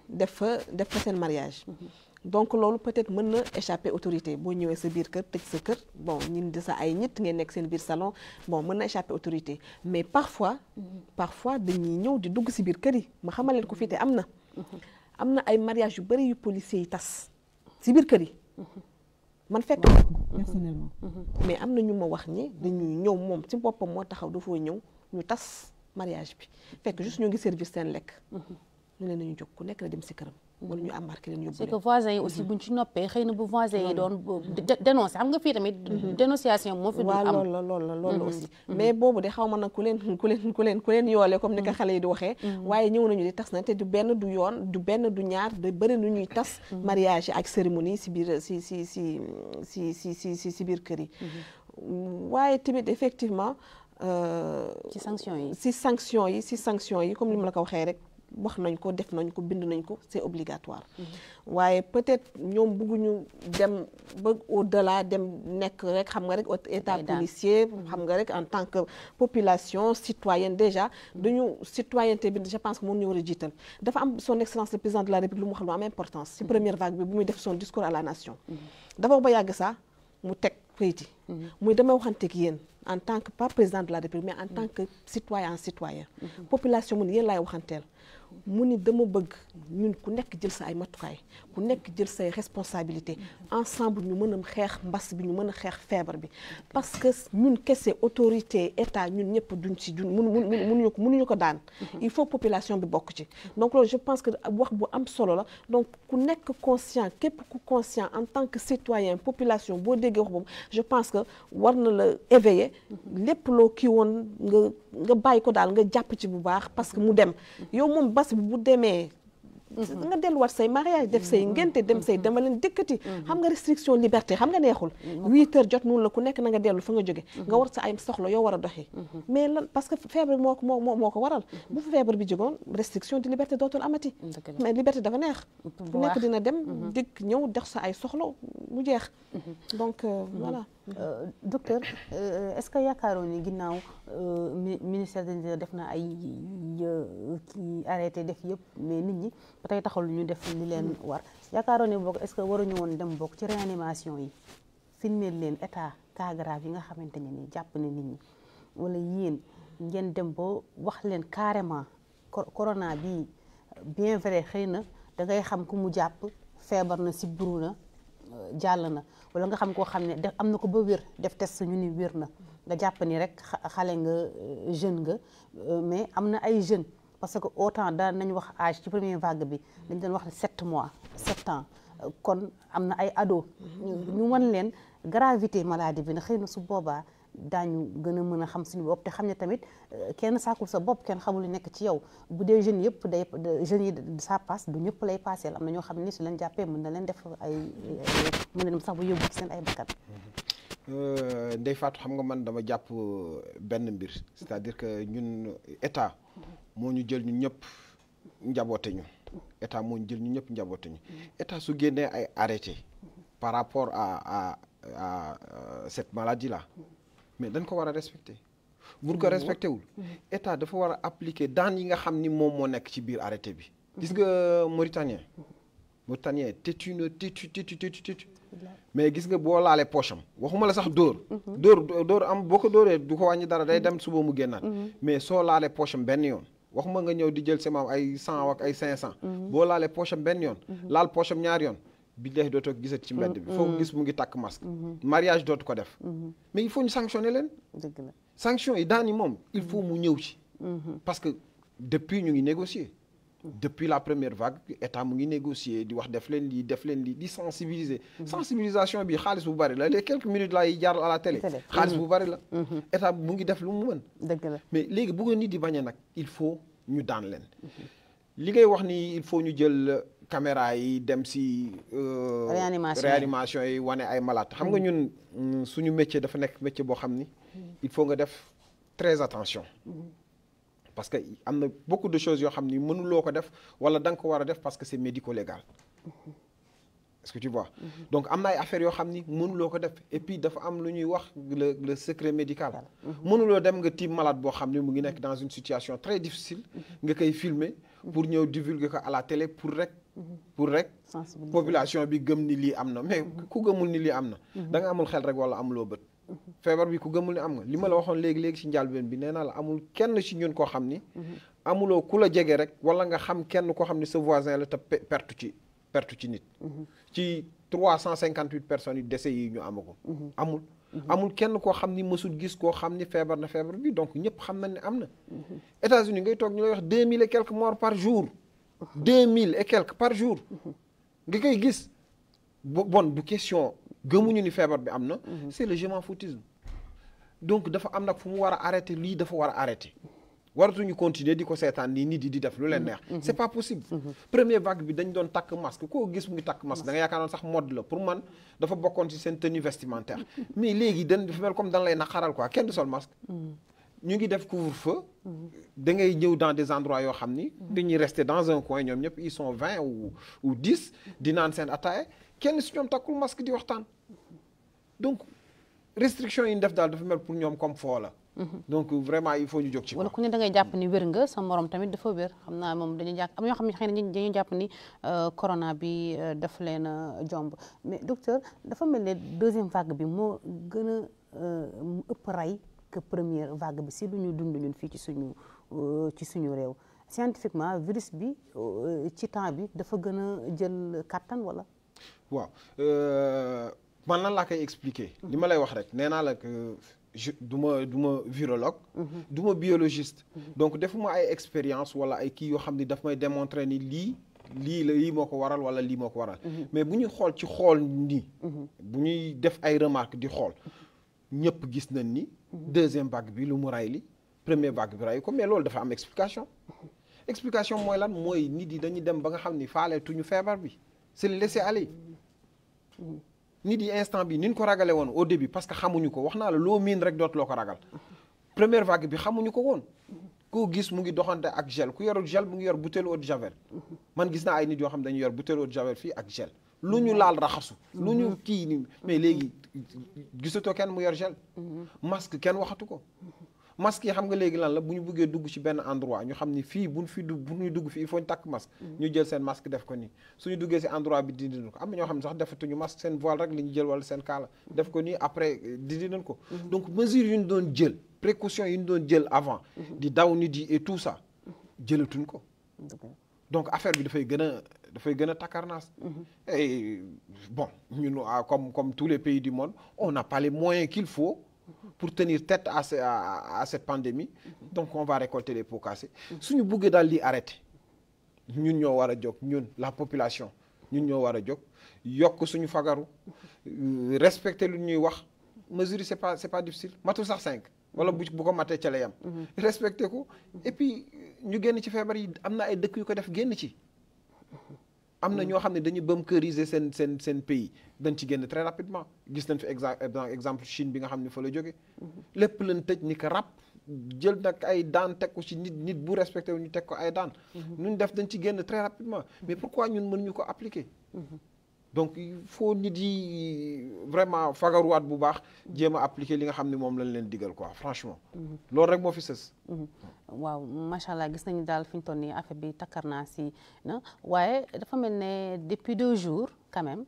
def fa def fa seen mariage. Mm-hmm. donc loolu peut-être mën na échapper autorité boo ñëwee sa biir kër tëj sa kër bon ñun de sa ay ñett ngeen nekk seen biir salon bon mën na échapper autorité mais parfois parfois dañuy ñëw di dugg si biir kër yi ma xamal leen ko fii te am na am na ay mariage yu bari yu policiers yi tas si biir kër yi man fekk mais am na ñu ma wax ni dañuy ñëw moom si boppam moo taxaw dafoo ñëw ñu tas mariage bi fekk juste ñoo ngi service seen lekk ñu leen nañu jóg ku nekk la dem si këram wala ñu embarqué leen yóbbu c'est que voisins yi aussi mhm. buñ ci noppee xëy na bu voisins yi doon dénoncé xam nga fii tamit mhm. dénonciation moo fi du am waaw loolu loolu loolu mhm. aussi mais boobu de xaw ma nag ku leen ku leen ku leen ku leen yoolee comme ni ko xale yi di waxee waaye ñëw nañu di tas na te du benn du yoon du benn du ñaar de bëri nu ñuy tas mariage ak cérémonie si biir si si si si si si si si biir kër yi waaye tamit effectivement euh, ci sanction yi si sanction yi si sanction yi comme ni ma la ko waxee rek wax nañ ko def nañ ko bind nañ ko c'est obligatoire mhm. waaye peut-être ñoom ñu dem ba au-delà dem nekk rek xam nga rek état policier mhm. xam nga rek en tant que population citoyenne déjà mhm. dañu citoyenneté bi je pense que moom ñu war a jiital dafa am son excellence le président de la république lu mu wax lu am importance ci première vague bi bu muy def son discours à la nation dafa ba yàgg sax mu teg këyit yi muy damay waxanteeg yéen en tant que par président la mais en tant que citoyen en citoyen population mu ne yéen laay mu ni dama bëgg ñun ku nekk jël sa ay matukaay ku nekk jël say responsabilité ensemble ñu mën a xeex mbas bi ñu mën a xeex feebar bi parce que ñun kese autorité état ñun ñëpp duñ ci duñ mun mun mënuñu ko mënuñu ko daan mhm. il faut population bi bokk ci donc loolu je pense que wax bu am solo la donc ku nekk conscient képp ku conscient en tant que citoyen population boo déggee wax boobu je pense que war na la éveiller mhm. lépp loo kii woon nga nga bàyyi ko daal nga jàpp ci bu baax parce que mu dem mhm. mbas bi bu demee mhm. nga delluwaat say mariage def say mhm. ngénte dem say mhm. dama leen dëkkati xam nga restriction liberté xam nga neexul huit heures jot noonu la ku nekk na nga dellu fa nga jóge nga war sa ay soxla yoo war a doxi mais parce que feebar bi moo ko moo moo ko waral bu fa feebar bi jógoon restriction de liberté dootul amati mais liberté dafa neex ku nekk dina dem dikk ñëw def sa ay soxla mu jeex donc euh, voilà Euh, docteur euh, est-ce que yaakaaroon ni ginnaaw euh, ministère de l'Intérieur def na ay kii arrêté def yëpp mais nit ñi ba tey taxul ñu def li leen war yaakaaroon ni est-ce que waruñu woon dem bokk ci réanimation yi filmer leen état cas grave yi nga xamante ne ni jàpp na nit ñi wala yéen ngeen dem ba wax leen carrément corona bi bien vrai xëy na da ngay xam ku mu jàpp feebar na si buru na jàll na wala nga xam koo xam ne def am na ko ba wiir def test ñu ni wér na nga jàpp ni rek xale nga euh, jeune nga euh, mais am na ay jeune parce que autant daan nañ wax âge ci première vague bi dañ doon wax sept mois sept ans kon am na ay ado ñu wan leen gravité maladie bi na xëy na su boobaa daañu gën mën a xam suñu bopp te xam ne tamit euh, kenn saakul sa bopp kenn xamul lu nekk ci yow bu dee jeunes yëpp day jeunes yi ça passe du ñëpp lay passé am na ñoo xam ne su leen jàppee mën na leen def ay mën na leen sax seen ay bakkan. Mm-hmm. Euh, Ndeye xam nga man dama jàpp euh, benn mbir c'est-à-dire que ñun état moo ñu jël ñun ñëpp njaboote ñu état moo ñu ñëpp njaboote ñu état su génnee ay arrêté par rapport à a à cette maladie là. mais dañ ko war a respecter mm-hmm. buñ ko respecté wul mm-hmm. état dafa war a appliquer daan yi nga xam ni moom moo nekk ci biir arrêté bi gis nga mm-hmm. mauritanien mauritanien têtu na têtu têtu têtu têtu mais gis nga boo laalee poche am waxuma la sax dóor dóor dóor am boo ko dóoree du ko wàññi dara day dem suba mu génnaat mais soo laalee poche am benn yoon waxuma nga ñëw di jël semam ay cent ak ay cinq cent boo laalee poche am benn yoon laal poche am ñaari yoon billahi dootoo gisat ci mbedd bi mm-hmm. foo ko gis mu ngi takk masque mm-hmm. mariage dootu ko def mm-hmm. mais il faut ñu sanctionner leen sanction yi daan moom il faut mu ñëw ci parce que depuis ñu ngi négocier depuis la première vague état mu ngi négocier di wax def leen lii def leen lii di sensibiliser sensibilisation bi xaalis bu bari la les quelques minutes laay jaar à la télé xaalis bu bari la état mu ngi def lu mu mën mais léegi bu nga nit di bañee nag il faut ñu daan leen li ngay wax ni il caméra yi dem si. Euh, réanimation yi réanimation yi wane ay malade xam nga mm. ñun mm, suñu métier dafa nekk métier boo xam ni. Mm. il faut nga def très attention. parce que am na de choses yoo xam ni mënuloo ko def da nga ko war a que c'est médico-légal. Mm-hmm. est-ce que tu vois. Mm-hmm. donc am na et puis dafa am lu ñuy wax le le secret médical. Mm-hmm. mënuloo dem nga tiim malade boo xam ni mu ngi nekk dans une situation très difficile. nga koy filmer pour ñëw divulguer ko à pour rek. pour rek population bi gëm ni lii am na mais mhm. ku gëmul ni lii am na mhm. da nga amul xel rek wala amuloo bët mhm. feebar bi ku gëmul ni am na li ma la waxoon léegi-léegi si njàlbeen bi nee naa la amul kenn si ñun koo xam ni amuloo ku la jege rek wala nga xam kenn koo xam ni sa voisin la te pertu ci pertu nit ci trois cent cinquante huit personnes yi décès yi ñu amagum amul amul kenn koo xam ni mësul gis koo xam ni feebar na feebar bi donc ñëpp xam nañ ne am na États-Unis ngay toog ñu lay wax deux mille et quelques par jour deux mille et quelques par jour nga koy gis bon bu question gëmuñu ni feebar bi am na c'est le je m'en foutisme donc dafa am nag fu mu war a arrêter lii dafa war a arrêter waratuñu continuer di ko seetaan nii nit di di def lu leen neex mhm. c'est pas possible mhm. première vague bi dañ doon takk masque koo gis mu ngi takk masque da nga yaakaaroon sax mode la pour man dafa bokkoon ci seen tenue vestimentaire mais léegi dañ dafa mel comme dañ lay naqaral quoi kenn du sol masque mhm. ñu ngi def couvre-feu da ngay ñëw dans des endroits yoo xam ni dañuy rester dans un coin ñoom ñëpp ils sont vingt ou ou dix di naan seen ataaya kenn si ñoom takkul masque di waxtaan donc restriction yi ñu def daal dafa mel pour ñoom comme foo la donc vraiment il faut ñu jóg ci wala ku ne da jàpp ni wér nga sa morom tamit dafa wér xam naa moom dañuy jàpp am ñoo xam ne xëy na dañuy jàpp ni euh, corona bi euh, daf leen jomb mais docteur dafa mel ne deuxième vague bi moo gën a euh, ëpp rey que première vague bi si lu ñuy dund ñun fii ci suñu euh, ci suñu réew scientifiquement virus bi euh, ci temps bi dafa gën a jël kàttan wala. waaw euh, man nan laa koy expliquer. li ma lay wax rek nee naa la que du ma du ma virologue. Mhm. du ma biologiste. Mhm. donc defuma ay expérience wala ay kii yoo xam ni daf may démontrer ni lii. lii la lii moo ko waral wala lii moo ko waral. Mhm. mais bu ñuy xool ci xool nii. bu ñuy def ay remarque di xool ñëpp gis nañ ni. deuxième vague bi lu mu ray li première vague bi ray ko mais loolu dafa am explication explication mooy lan mooy nit yi dañuy dem ba nga xam ni faaleetuñu feebar bi c'est laisser aller nit yi instant bi niñ ko ragale woon au début parce que xamuñu ko wax naa la loo miin rek doot loo ko ragal première vague bi xamuñu ko woon koo gis mu ngi doxante ak gel ku yorul gel mu ngi yor butéelu eau de javel man gis naa ay nit yoo xam dañu yor butéelu eau de javel fii ak gel lu ñu laal raxasu lu ñu kii ni mais léegi gisatoo kenn mu yor gel. masque kenn waxatu ko. masque yi xam nga léegi lan la bu ñu buggee dugg ci benn endroit ñu xam ni fii bu ñu fi dugg bu dugg fii il faut ñu takk masque. ñu jël seen masque def ko nii suñu duggee ci endroit bi dindi ko am na ñoo xam ne sax defatuñu masque seen voile rek li ñu jël walla seen kaala. def ko nii après euh, dindi nañ ko. donc mesure yu ñu doon jël précaution yu ñu doon jël avant. di daw nit yi et tout ça jëlatuñ ko. donc affaire bi dafay gën a. dafay gën a takkarnaas mhm. et bon ñun ah, comme comme tous les pays du monde on n'a pas les moyens qu'il faut pour tenir tête à ce, à, à cette pandémie mhm. donc on va récolter les pots cassés mhm. suñu buggee daal di arrêté ñun ñoo war a jóg ñun la population ñun ñoo war a jóg yokk suñu fagaru euh, respecter lu ñuy wax mesure c'est pas c'est pas difficile matul sax cinq wala bu bu ko matee ca la yam respecté ko et puis ñu génn ci feebar yi am na ay dëkk yu ko def génn ci am na mm. ñoo xam ne dañuy dañu bunkeriser seen seen seen pays dañ ci génn très rapidement gis nañ fi exemple Chine bi nga xam ne fa la jóge mm-hmm. lépp lañ tëj ni ko rap jël nag ay daan teg ko ci nit nit bu respecté wu ñu teg ko ay daan. Mm-hmm. ñu def dañ ci génn très rapidement mais mm-hmm. pourquoi ñun mën ñu ko appliquer. donc foo faut nit yi vraiment fagaruwaat bu baax jéem a li nga xam ne moom lañ leen digal quoi franchement. Mhm. loolu rek moo fi sës. Mhm. waaw macha allah gis nañu daal fi ñu toll nii affaire bi takkar naa si na waaye dafa mel ne depuis deux jours quand même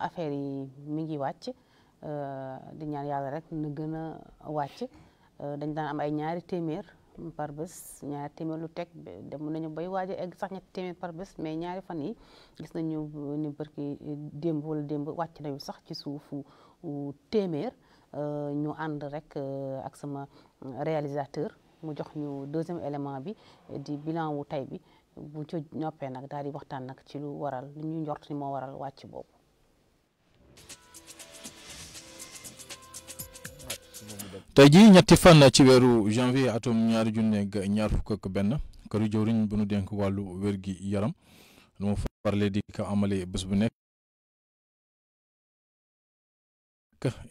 affaire yi mi ngi wàcc euh, di ñaan yàlla rek na gën a wàcc euh, dañ daan am ay ñaari téeméer. par bés ñaari téeméer lu teg dem nañu bay waaje a egg sax ñetti téeméer par bés mais ñaari fan yi gis nañu euh, ni barki euh, démb wala démb wàcc nañu sax ci suufu téeméer euh, ñu ànd rek ak sama réalisateur mu jox ñu deuxième élément bi di bilan wu tey bi bu ci ñoppee nag daal di waxtaan nag ci lu waral li ñu njort ni moo waral wàcc boobu tey jii ñetti fan ci weeru janvier atum ñaari junne ak ñaar fukk ak benn këru jëwriñ bu nu dénk wàllu wér gi yaram lu mu farle di ko amale bés bu nekk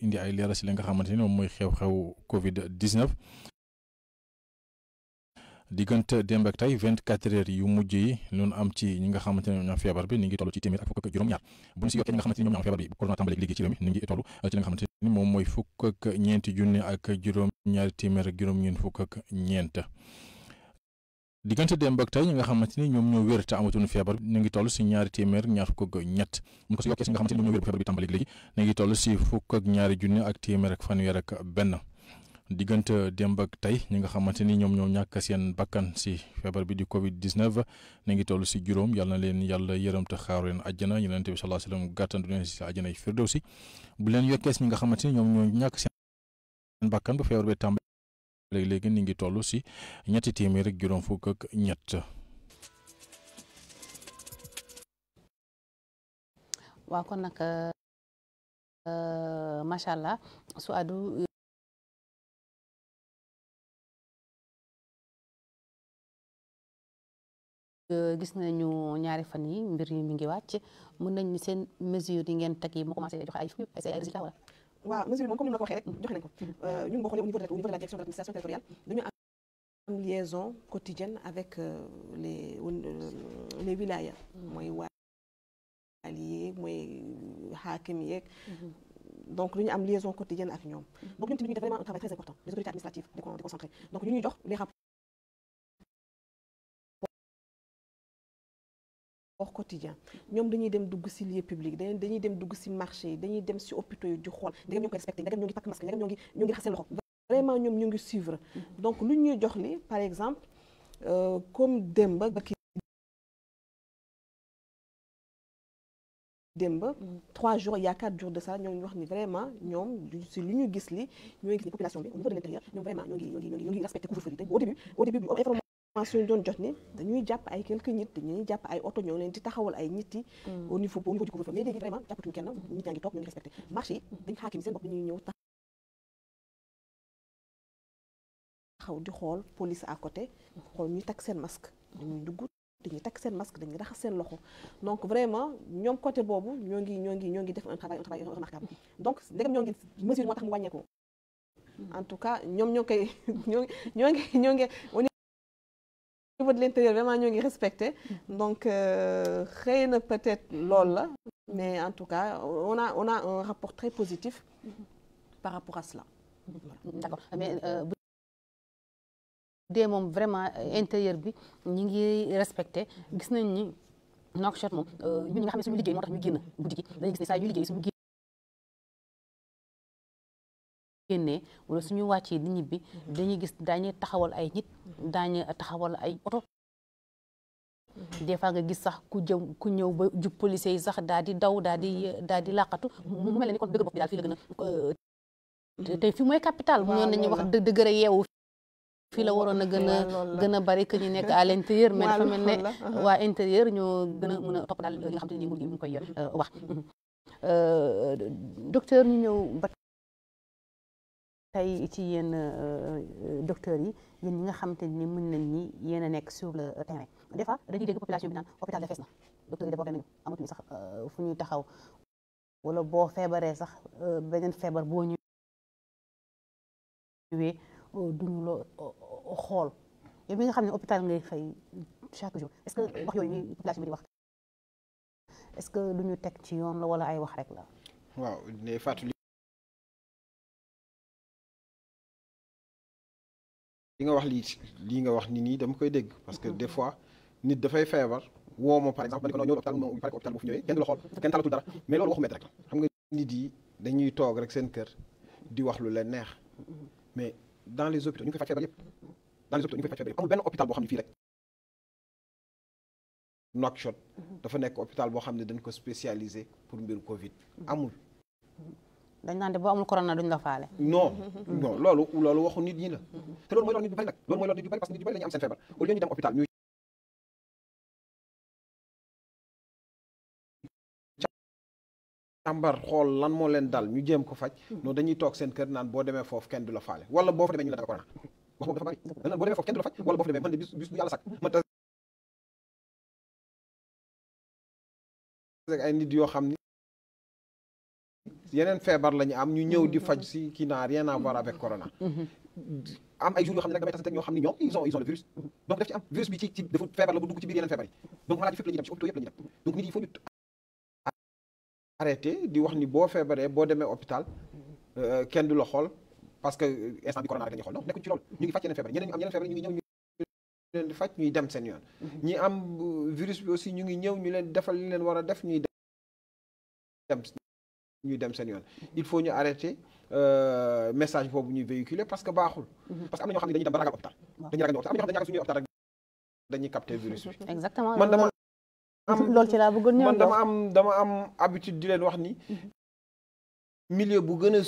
indi ay leeral si li nga xamante ni moom mooy xew-xew covid 19 diggante démb ak tey vingt quatre heures yu mujj yi ñu am ci ñi nga xamante ne ñoo feebar bi ni ngi toll ci téeméer ak fukk ak juróom-ñaar bu ñu si yokkee ñi nga ñoom ñoo ak ñeenti junne téeméer ak juróom-ñeent fukk ak ñeent diggante démb ak ñi nga xamante ni ñoom ñoo wér te amatuñu feebar ñu ngi toll si ñaari téeméer ñaar fukk ak ñett mu ko si yokkee si nga xamante ni ñoom ñoo wér bu feebar bi ni ngi toll si fukk ak ñaari junne ak téeméer ak fanweer ak benn diggante démb ak tey ñi nga xamante ni ñoom ñoo ñàkk seen bakkan si feebar bi di Covid 19 na ngi toll si juróom yàlla na leen yàlla yërëm te xaaru leen àjjana yonent bi sallallahu alayhi wa sallam gàttandu leen si àjjana bu leen yokkees ñi nga xamante ni ñoom ñoo ñàkk seen bakkan ba feebar bi tàmbali léegi léegi ni ngi toll si ñetti téeméer ak juróom fukk ak ñett. Euh, gis nañu ñaari fan yi mbir yi mi ngi wàcc mën nañ seen mesure yi ngeen teg yi moo commencé ay ay résultats wala waaw mesure moom comme ni ma la ko waxee rek joxe nañ ko euh, ñun boo xoolee au niveau de au niveau la direction de l'administration territoriale dañu am liaison quotidienne avec euh, les les wilaaya mooy waal yeeg mooy xaakim yeeg mm-hmm. donc dañu am liaison quotidienne ak ñoom mm-hmm. donc ñu def vraiment un travail très important les autorités administratives déconcentrées donc ñu ñuy jox les au quotidien ñoom dañuy dem dugg ci lieu public dañuy dem dugg ci marché yi dañuy dem ci hôpitaux yi di xool ndegam ñoo ngi respecté ndegam ñoo ngi suivre mm-hmm. donc lu ñuy jox li par exemple euh, comme démba barki démba mm-hmm. trois jours il y a quatre jours de ça ñoo ngi wax ni vraiment ñoom lu ñu gis li ñoo gis ni population bi au niveau de l'intérieur ñoom vraiment ñoo ngi ñoo ngi ñoo ngi respecté couvre-feu bi au début au début information ñu jot ni dañuy jàpp ay quelques nit dañuy jàpp ay oto ñoo ngi leen di taxawal ay nit yi mm. au niveau au niveau du couvre-feu mais léegi vraiment jàppatuñu kenn nit ñaa ngi toog ñoo seen bopp dañuy ñëw taxaw di ñuy takk seen masque dañuy dañuy takk seen loxo donc vraiment ñoom côté boobu ñoo ngi ñoo ngi ñoo ngi def un travail donc ndegam ñoo ngi mesure moo tax mu wàññeeku mm. en tout cas ñoom ñoo koy ñoo ñoo ngi ñoo ngi niveau de l'intérieur vraiment ñoo ngi respecté donc euh, xëy euh, na peut-être loolu la mais en tout cas on a on a un rapport très positif par rapport à cela d'accord mais euh, dee moom vraiment euh, intérieur bi ñi ngi respecté gis nañ ni Nouakchott moom euh, ñun ñi nga xam ne suñu liggéey moo tax ñu génn génnee wala suñu wàccee di ñibbi mhm. dañuy gis daañuy taxawal ay nit mhm. daañu taxawal ay oto mhm. des fois nga gis sax ku jëm ku ñëw ba jub policiers yi sax daal di daw daal di daal di làqatu mu mel ni kon dëgër bopp bi daal fii la gën a euh, tey mooy capital mënoon nañu wax dë dëgër a yeewu fii la waroon a gën a gën a bari que ñu nekk à l'intérieur mais dafa mel ne waa uh-huh. intérieur ñoo gën a mën a topp daal li nga xam te ne ñu ngi koy euh, wax mm-hmm. euh, docteur ñu ñëw tey ci yéen euh, euh, docteurs yi yéen ñi nga xamante ni mën nañ ni yéen nekk sur le euh, terrain des fois dañuy dégg population bi naan hôpital de fees na docteurs yi débordé nañu amatuñu sax fu ñuy taxaw wala boo feebaree sax beneen feebar boo ñëwee duñu la xool yow mi nga xam ne hôpital ngay fay chaque jour est-ce wax yooyu ñuy population bi di wax est-ce que lu ñu teg ci yoon la wala ay wax rek la waaw li nga wax lii lii nga wax ni nii dama koy dégg parce que mm-hmm. des fois nit dafay feebar woo ma par exemple ma ne ko ñëw hôpital ma pare ko hôpital boo fi ñëwee kenn du la xool kenn talatul dara mais loolu waxu rek xam nga nit yi dañuy toog rek seen kër di wax lu leen neex mm-hmm. mais dans les hôpitaux ñu koy faj feebar yëpp dans les hôpitaux ñu amul benn hôpital boo xam ne fii rek Nouakchott mm-hmm. dafa nekk hôpital boo xam ne dañ ko spécialisé pour mbir Covid amul dañ naan de boo amul corona duñ la faale non non loolu loolu waxu nit ñi la te loolu mooy loolu nit ñu bari nag loolu mooy loolu nit nit ñu bari lan moo leen ñu jéem ko faj non dañuy toog seen kër naan boo demee foofu kenn du la faale wala boo fa demee ñu la da corona wax boobu dafa bari dañ naan boo demee foofu kenn du la faj wala boo fa demee man de bis bu yàlla sàkk ma tas ay nit yoo xam ni yeneen feebar la ñu am ñu ñëw di mm-hmm. faj si ki n'a rien à voir corona mm-hmm. am ay jours yoo xam ne nag damay tase ñoo xam ne ñoom ils ont virus donc daf ci am virus bi ci dafa feebar la bu dugg ci biir yeneen feebar donc maladie di wax ni boo feebaree boo demee hôpital euh, kenn du la que instant bi corona rek dañuy xool non nekkuñu ci loolu ñu ngi faj yeneen feebar ñeneen ñu am yeneen feebar ñu ngi ñëw ñu leen di mm-hmm. leen defal def ñuy dem ñuy dem seen yoon il faut ñu arrêter euh, message boobu ñuy véhiculer parce que baaxul. Mhm. parce que am na ñoo xam ne dañuy dem ba ragal hôpital. dañuy ragal hôpital am na ñoo xam ne dañuy ragal suñuy hôpital rek dañuy capter virus bi. exactement man dama am ci laa bëggoon ñëw man dama am dama am habitude di leen wax ni. Mhm. milieu bu gën a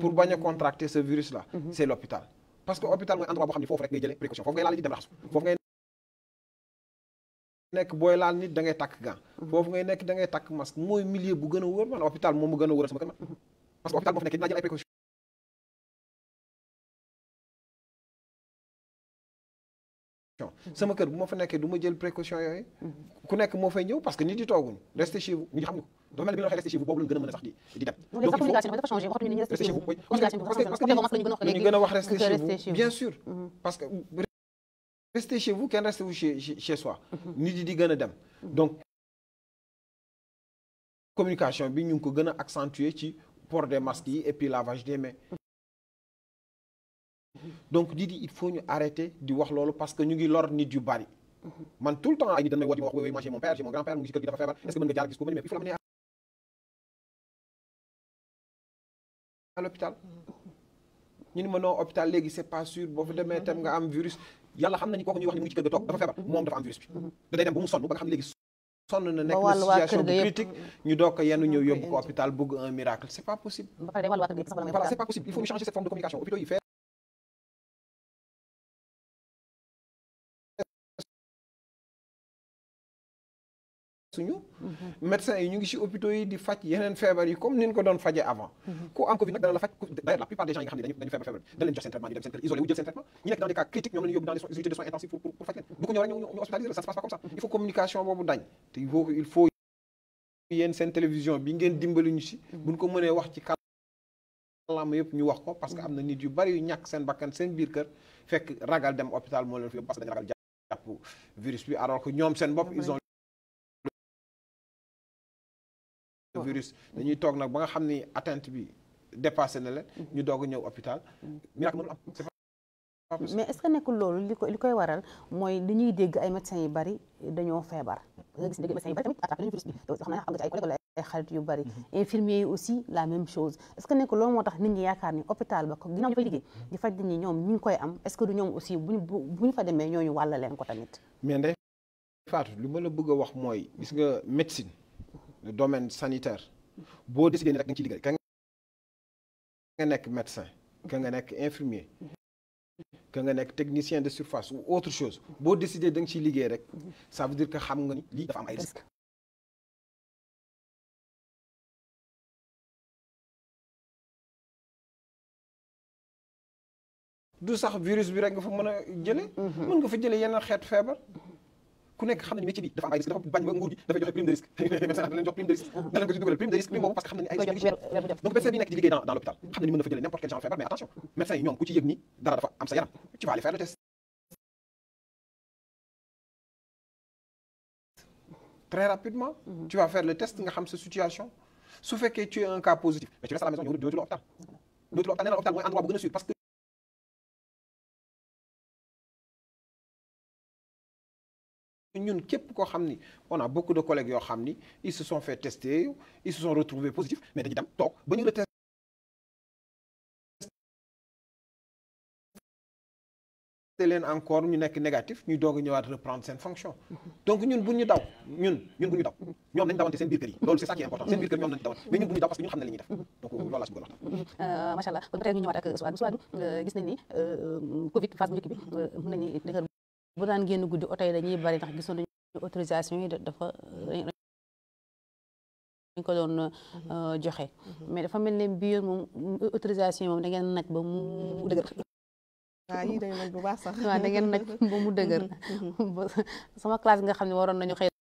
pour mhm. bañ a contracter ce virus là. c'est l'hôpital parce que hôpital mooy endroit boo xam ne foofu rek ngay jëlee précaution foofu ngay nekk booy laal nit da ngay takk gant foofu ngay nekk da takk masque mooy milieu bu gën a wóor man hôpital moom mu gën a wóor sama man parce que hôpital ma fa nekkee du ma jël précaution yooyu ku nekk moo fay ñëw parce que nit yi tooguñ restez chez vous nit xam nga dafa mel ni bi ñu waxee restez chez boobu lañ gën a mën a sax di di dem donc il faut restez chez vous parce que parce que ñu gën wax restez chez bien sûr mm-hmm. parce que restez chez vous kenn restez vous chez soi. nit yi di gën a dem. donc communication bi ñu ngi ko gën a accentuer ci port des masques yi et puis lavage des mains. donc nit yi il faut ñu arrêter di wax loolu parce que ñu ngi lor nit yu bari. man tout le temps ay nit wax oui dafa feebar est que mën nga jaar gis ko mais il faut l'amener ni ma non hôpital léegi c'est pas sûr boo fa demee tam nga am virus. yàlla xam na ni kooku ñuy wax ni mu dafa feebar mhm. moom dafa am virus da mhm. day dem ba mu sonn ba nga xam ne léegi sonn na nekk na critique ñu doog ko yenn ñëw yóbbu ko hôpital bëgg miracle c'est pas possible c'est pas possible il faut ñu changer cette forme de communication hôpitaux yi suñu mhm. médecins yi ñu ngi ci hôpitaux yi di faj yeneen feebar yi comme ni ko doon fajee avant mhm. ku am covid nag dana la faj d'ailleurs la plupart yi dañu feebar feebar dañ leen jox seen traitement ñu dem seen kër isolé wu jël seen nekk dans des cas critiques ñoom ñu yóbbu dans les unités de soins intensifs faj leen bu ko ñëw rek ñu hospitaliser la ça se passe pas comme ça il faut communication boobu dañ télévision bi ngeen dimbali ñu ci mhm. buñ ko mënee wax ci kàllaama yëpp ñu wax ko parce que am na nit yu bari virus dañuy toog nag ba nga xam ni atteinte bi dépassé na leen. ñu doog a ñëw hôpital. mais mm-hmm. mm-hmm. est-ce que nekkul loolu li ko li koy waral mooy li dégg ay médecins yu bari dañoo feebar. nga gis médecins xam naa ay collègues la ay xarit yu bari. Mm-hmm. infirmiers yi aussi la même chose est que nekkul loolu moo tax nit ñi yaakaar ni hôpital ba ko ginnaaw ñu fay liggéey di faj ñi ñoom ñu koy am est que du ñoom aussi bu ñu fa demee ñooñu wàll leen ko tamit. mais a wax mooy domaine sanitaire boo décidé ni rek nga ci liggéey ka nga nekk médecin ka nga nekk technicien de surface ou autre chose boo décidé da nga ciy liggéey rek ça veut dire que xam nga ni lii dafa am ay risque du sax virus bi rek nga fa mën a jële mm-hmm. mën nga fa jële yeneen xeet feebar ku nekk xam nañu bi dafa am ay dafa bañ ba nguur dafay joxe prime de risque médecin da leen prime de risque ah. da leen ko ci dugalal prime de risque prime boobu parce que xam ay risque donc médecin bi nekk dans l'hôpital xam nañu mën fa jëlee n'importe quel genre feebar mais attention médecin yi ñoom ku yëg ni dara dafa am yaram mm-hmm. tu vas faire le test nga xam situation su fekkee tu es un cas positif mais tu restes à maison ñëw dootu l'hôpital a ñun képp koo xam ni on a beaucoup de collègues yoo xam ni ils so sont fait tester ils se sont retrouvés positifs mais dañuy dem toog ba ñu encore ñu nekk négatif ñu doog a ñëwaat reprendre seen fonction donc ñun bu ñu daw ñun ñun bu ñu daw ñoom nañ dawante seen biir kër yi loolu c'est ça qui important seen biir kër ñoom nañ dawante mais ñun bu ñu daw parce que ñun xam ne la ñuy def donc loolu laa si bëggoon waxtaan euh, macha allah kon ñu ñëwaat ak Souadou Souadou euh, gis nañ ni euh, Covid phase bu bu daan génn guddi oto yi dañuy bari tax gisoon nañu autorisation yi dafa dañ ko doon euh, joxe mm-hmm. mais dafa mel ne bi yoon moom autorisation moom da ngeen naj ba mu dëgër waaw yii dañu naj bu baax sax waaw da ngeen naj ba mu dëgër mm-hmm. sama classe nga xam ne waroon nañu xëy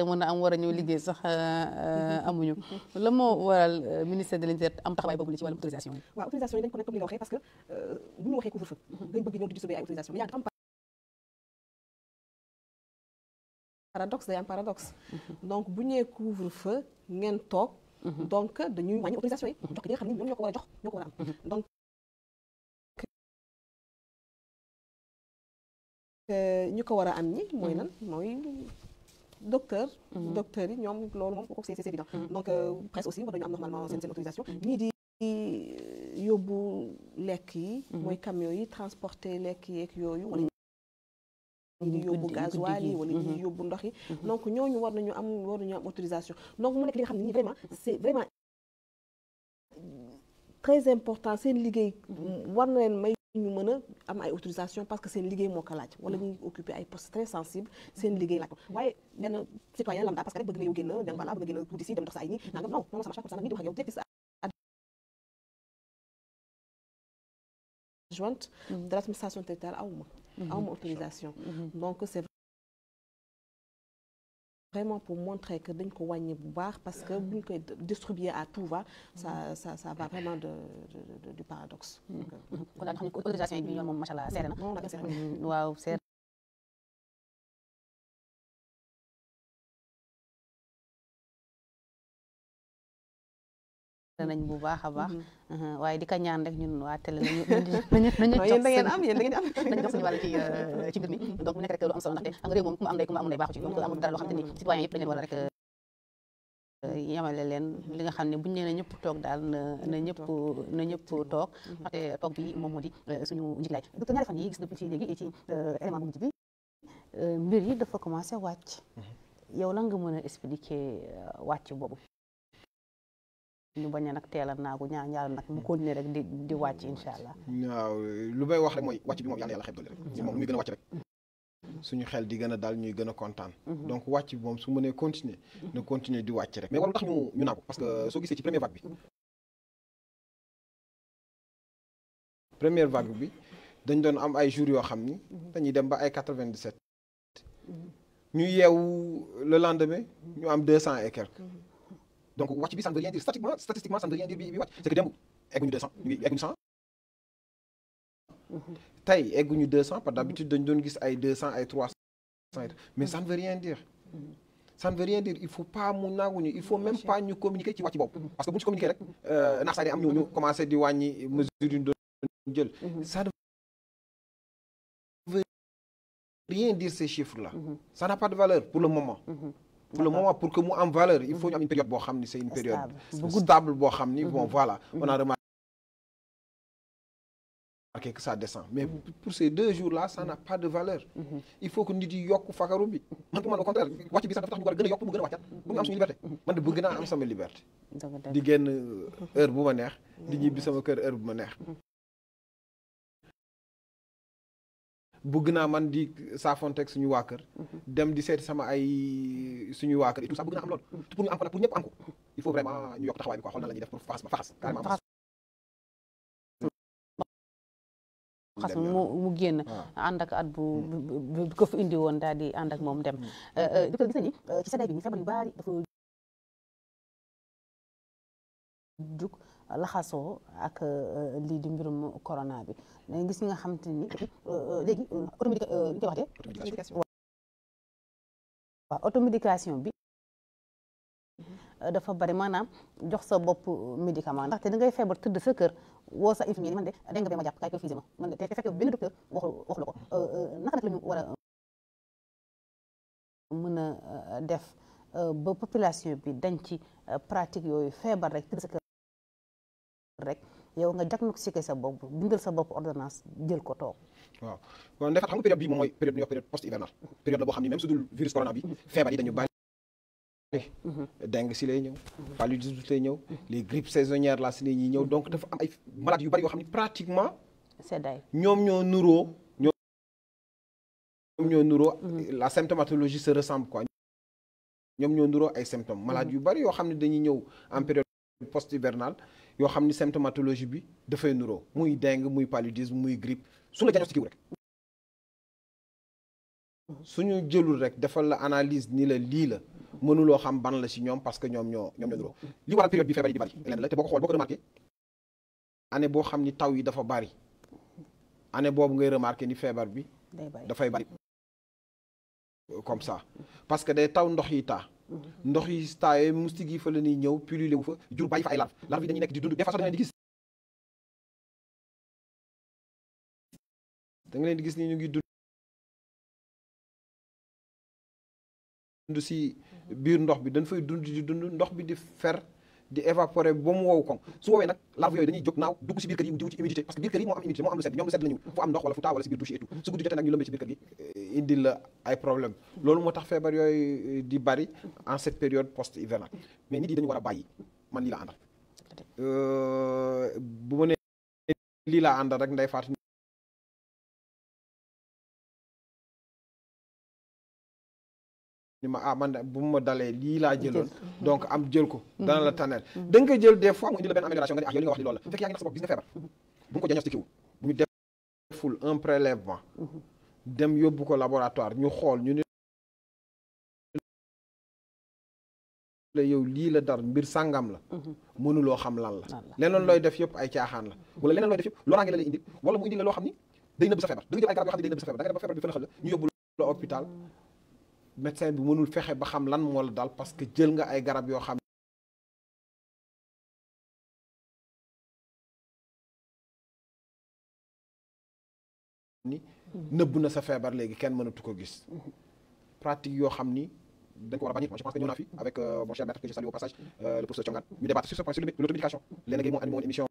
secret na a am war a ñëw liggéey sax euh, euh, amuñu la moo waral euh, ministère de l'intérieur am taxawaay boobu la ci wàllum autorisation yi. autorisation yi dañ ay autorisation mais yaa ngi am paradoxe day am donc bu ñëwee couvre-feu ngeen toog donc dañuy wàññi autorisation yi jox ñi ko war am donc ñu ko war am ñi mooy lan mooy docteur mhm. docteurs yi ñoom loolu moom kooku c'est évident mhm. donc euh, presse aussi war nañu am normalement autorisation mhm. ñii di euh, yóbbu lekk yi mooy camion yi transporter lekk yi ak yooyu wala ñi di yóbbu gasoil yi wala ñi yóbbu ndox yi donc ñooñu war nañu am war nañu am autorisation donc mu nekk li nga xam ne ñi vraiment c'est vraiment très important seen liggéey war na leen may ñu mën a am ay autorisation parce que seen liggéey moo ko laaj wala ñu ngi occupé ay postes très sensibles seen liggéey laaj ko waaye benn citoyen lambda parce que rek bëgg nga yow génn dem voilà bëgg nga génn tuuti si dem dox ay nii nangam non sama chaque personne mi di wax ak yow directrice adjointe mm-hmm. de l'administration territoriale awuma mm-hmm. autorisation mm-hmm. donc vraiment pour montrer que dañ ko wàññi bu baax parce que buñ koy distribuer à tout va ça ça ça va vraiment de du paradoxe kon daal xam ne autorisation yi bi yoon moom macha allah seere na waaw seere nañ bu baax a baax mhm. waaye di ka ñaan rek ñun waa télé nañu nañu yéen da ngeen am yéen da ngeen am nañu jox suñu wàll ci euh, ci mbir mi donc mu nekk rek lu am solo ndaxte am nga réew moom ku mu am ndey ku mu amul ndey baaxu ci donc amul dara loo xamante ni citoyen yëpp dañ leen war a rek euh, euh, yamale leen li nga xam ne buñ nee na ñëpp toog daal na na ñëpp na ñëpp toog mhm. ndaxte toog bi moom moo di suñu njiglaay docteur ñaari fan yi gis na ci léegi ci élément bu mujj bi mbir yi dafa commencé wàcc mhm. yow la nga mën a expliquer wàcc boobu ñu bañ a nag teel a naagu ñaar ñaar nag mu continuer rek di wàcc incha waaw lu may wax rek mooy wàcc bi moom yàlla yàlla xeeb doole rek. Mm-hmm. moom lu muy gën a wàcc rek. suñu xel di gën a daal ñuy gën a kontaan. Mm-hmm. donc wàcc bi moom su mënee continuer. Mm-hmm. na continuer di wàcc rek mais warul tax ñu ñu parce que soo gisee ci première vague bi. première bi dañ doon am ay jours yoo xam ni. dañuy dem ba ay quatre-vingt-dix-sept. ñu yeewu le lendemain ñu am deux cent et donc wàcc bi ça ne veut rien dire statiquement statistiquement ça ne veut rien dire bi bi wàcc c'est que démb egguñu 200 ñu ngi egguñu 100. Mhm. tey egguñu 200 par mhm. d'habitude dañu doon gis ay 200 ay mais ça ne veut rien dire. Mhm. ça il faut pas mu nanguñu il faut même pas ñu communiquer ci wàcc boobu. parce que bu ñu communiquer rek euh, naax am ñu ñu commencé di wàññi mesure yu jël. ça ne veut rien dire ces chiffres pas de valeur pour le moment. pour le pour que mu am valeur il faut ñu am une mhm. période boo ni c'est une période stable boo xam ni bon mhm. voilà on a mhm. remarqué que ça mais pour ces deux jours la ça n'a pas de valeur il faut que nit yokk fakaru bi man pour man bi sax a gën a yokk pour am suñu liberté man bëgg naa am sama liberté di génn euh, heure bu ma neex di mm, ñibbi sama kër heure bu ma neex mm. bëgg naa man di saafonteeg suñu waa kër. Mhm. dem di seet sama ay suñu waa kër et tout ça bëgg naa am loolu. pour ñu am ko nag pour ñëpp am il faut vraiment ñu yokk taxawaay bi quoi xool faxas mu mu génn ah. ànd ak at bu hmm. bu ko indi woon daal di ànd ak moom dem hmm. euh, euh, di euh, ko laxasoo ak euh, lii di mbirum corona bi mais gis nga xam te ni euh, léegi automédication euh, waaw automédication bi dafa bari maanaam jox sa bopp médicament ndaxte da ngay feebar tëdd sa kër woo sa infirmier man de def ba population bi dañ pratique yooyu feebar rek tëdd sa rek yow nga diagnostiqué sa bopp bindal sa bopp ordonnance jël ko toog waaw waaw ndax xam nga période bi moom mooy période bi ñuy wax période post hivernale période la boo xam ne même su dul virus corona bi feebar yi dañu bari mhm. dengue si lay ñëw mhm. paludisme si lay ñëw mhm. les grippes saisonnières la si la ñuy ñëw donc dafa am ay maladies yu bari yoo xam ne pratiquement seddaay ñoom ñoo nuroo ñoo ñoo nuroo la symptomatologie se ressemble quoi ñoom ñoo nuroo ay symptômes maladies yu bari yoo xam ne dañuy ñëw en période post hivernale yoo xam ni symptomatologie bi dafay nuroo muy dengue muy paludisme muy grippe su la suñu jëlul rek defal la analyse ni la lii la mënuloo xam ban la ci ñoom parce que ñoom ñoo ñoo nuroo li waral période bi feebar yi di bari lenn te boo ko xool boo ko remarqué année boo xam ni taw yi dafa bari année boobu ngay remarqué ni feebar bi dafay bari comme ça parce que day taw ndox yi taa ndox yi taaye moustique yi fa la ñuy ñëw pulluler wu fa jur bàyyi fa ay larve larve yi dañuy nekk di dund des fois sax da nga leen di gis da ni ñu ngi dund si biir ndox bi dañ fay dund di dund ndox bi di fer di évaporer ba mu wow koŋ su woowee nag larve yooyu dañuy jóg naaw dugg si biir kër yi di wut ci humidité parce que biir kër yi moo am humidité moo am lu sedd ñoom lu sedd la ñu fu am ndox wala fu taa wala si biir douche et tout su guddi jotee nag ñu lëmbee ci biir kër gi eh, indil la ay problème loolu moo tax feebar yooyu eh, di bari en cette période post hivernale mais nit yi dañu war a bàyyi man lii la àndal euh, bu ma nee lii laa àndal rek nday faat ni ma ah man bu ma dalee lii laa jëloon mm-hmm. donc am jël ko mm-hmm. dana la tànneel mm-hmm. da nga jël des fois mu indi la benn amélioration nga ne ah yow loolu la ko diagnostiqué wu bu ñu deful un prélèvement dem yóbbu ko laboratoire ñu xool ñu ne la yow lii la dar mbir sàngam la mënuloo xam lan la leneen looy def yëpp ay caaxaan la wala leneen looy def yëpp loraange la indi wala mu indi la loo xam ni day nëbb sa feebar da jël ay garab yoo xam ne day nëbb sa feebar da dem ba feebar bi fën a xël la ñu yóbbu la hôpital médecin bi mënul fexe ba xam lan moo la dal parce que jël nga ay garab yoo xam ni nëbb na sa feebar léegi kenn mënatu ko gis pratique yoo xam ni dañ ko a bannir je pense que ñëw naa fi avec euh, mon cher passage euh, le professeur Thiongan ñu débattre sur ce point sur l'automédication léegi nag moo animé woon émission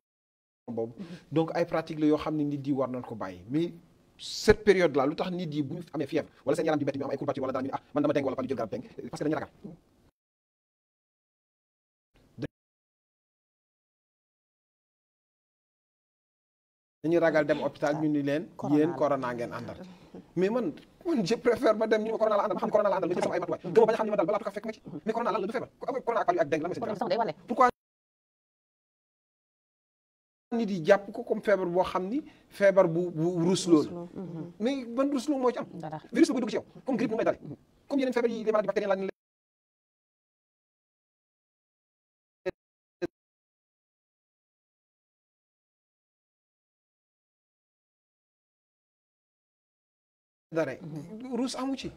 boobu mm-hmm. donc ay pratique la yoo xam ne nit di war nañ ko bàyyi cette période là lu tax nit yi bu ñu amee fièvre wala seen yaram di métti ñu am ay courbature wala dara ñu ne ah parce que dañu ragal dem hôpital ñu ni leen yéen corona ngeen àndal mais man man je préfère ma dem ñu ma corona la àndal ma xam corona la àndal ma bañ a xam ni ma dal balaa tout cas fekk ma corona lan la du feebar corona ak palu ak déng lan mooy seen pourquoi nit yi jàpp ko comme feebar boo xam ni feebar bu bu rusloo la mais ban rusloo moo ci am virus bi bu dugg ci yow comme grippe nu may dale comme yeneen feebar yi les maladies bactériennes la dara ruus amu ci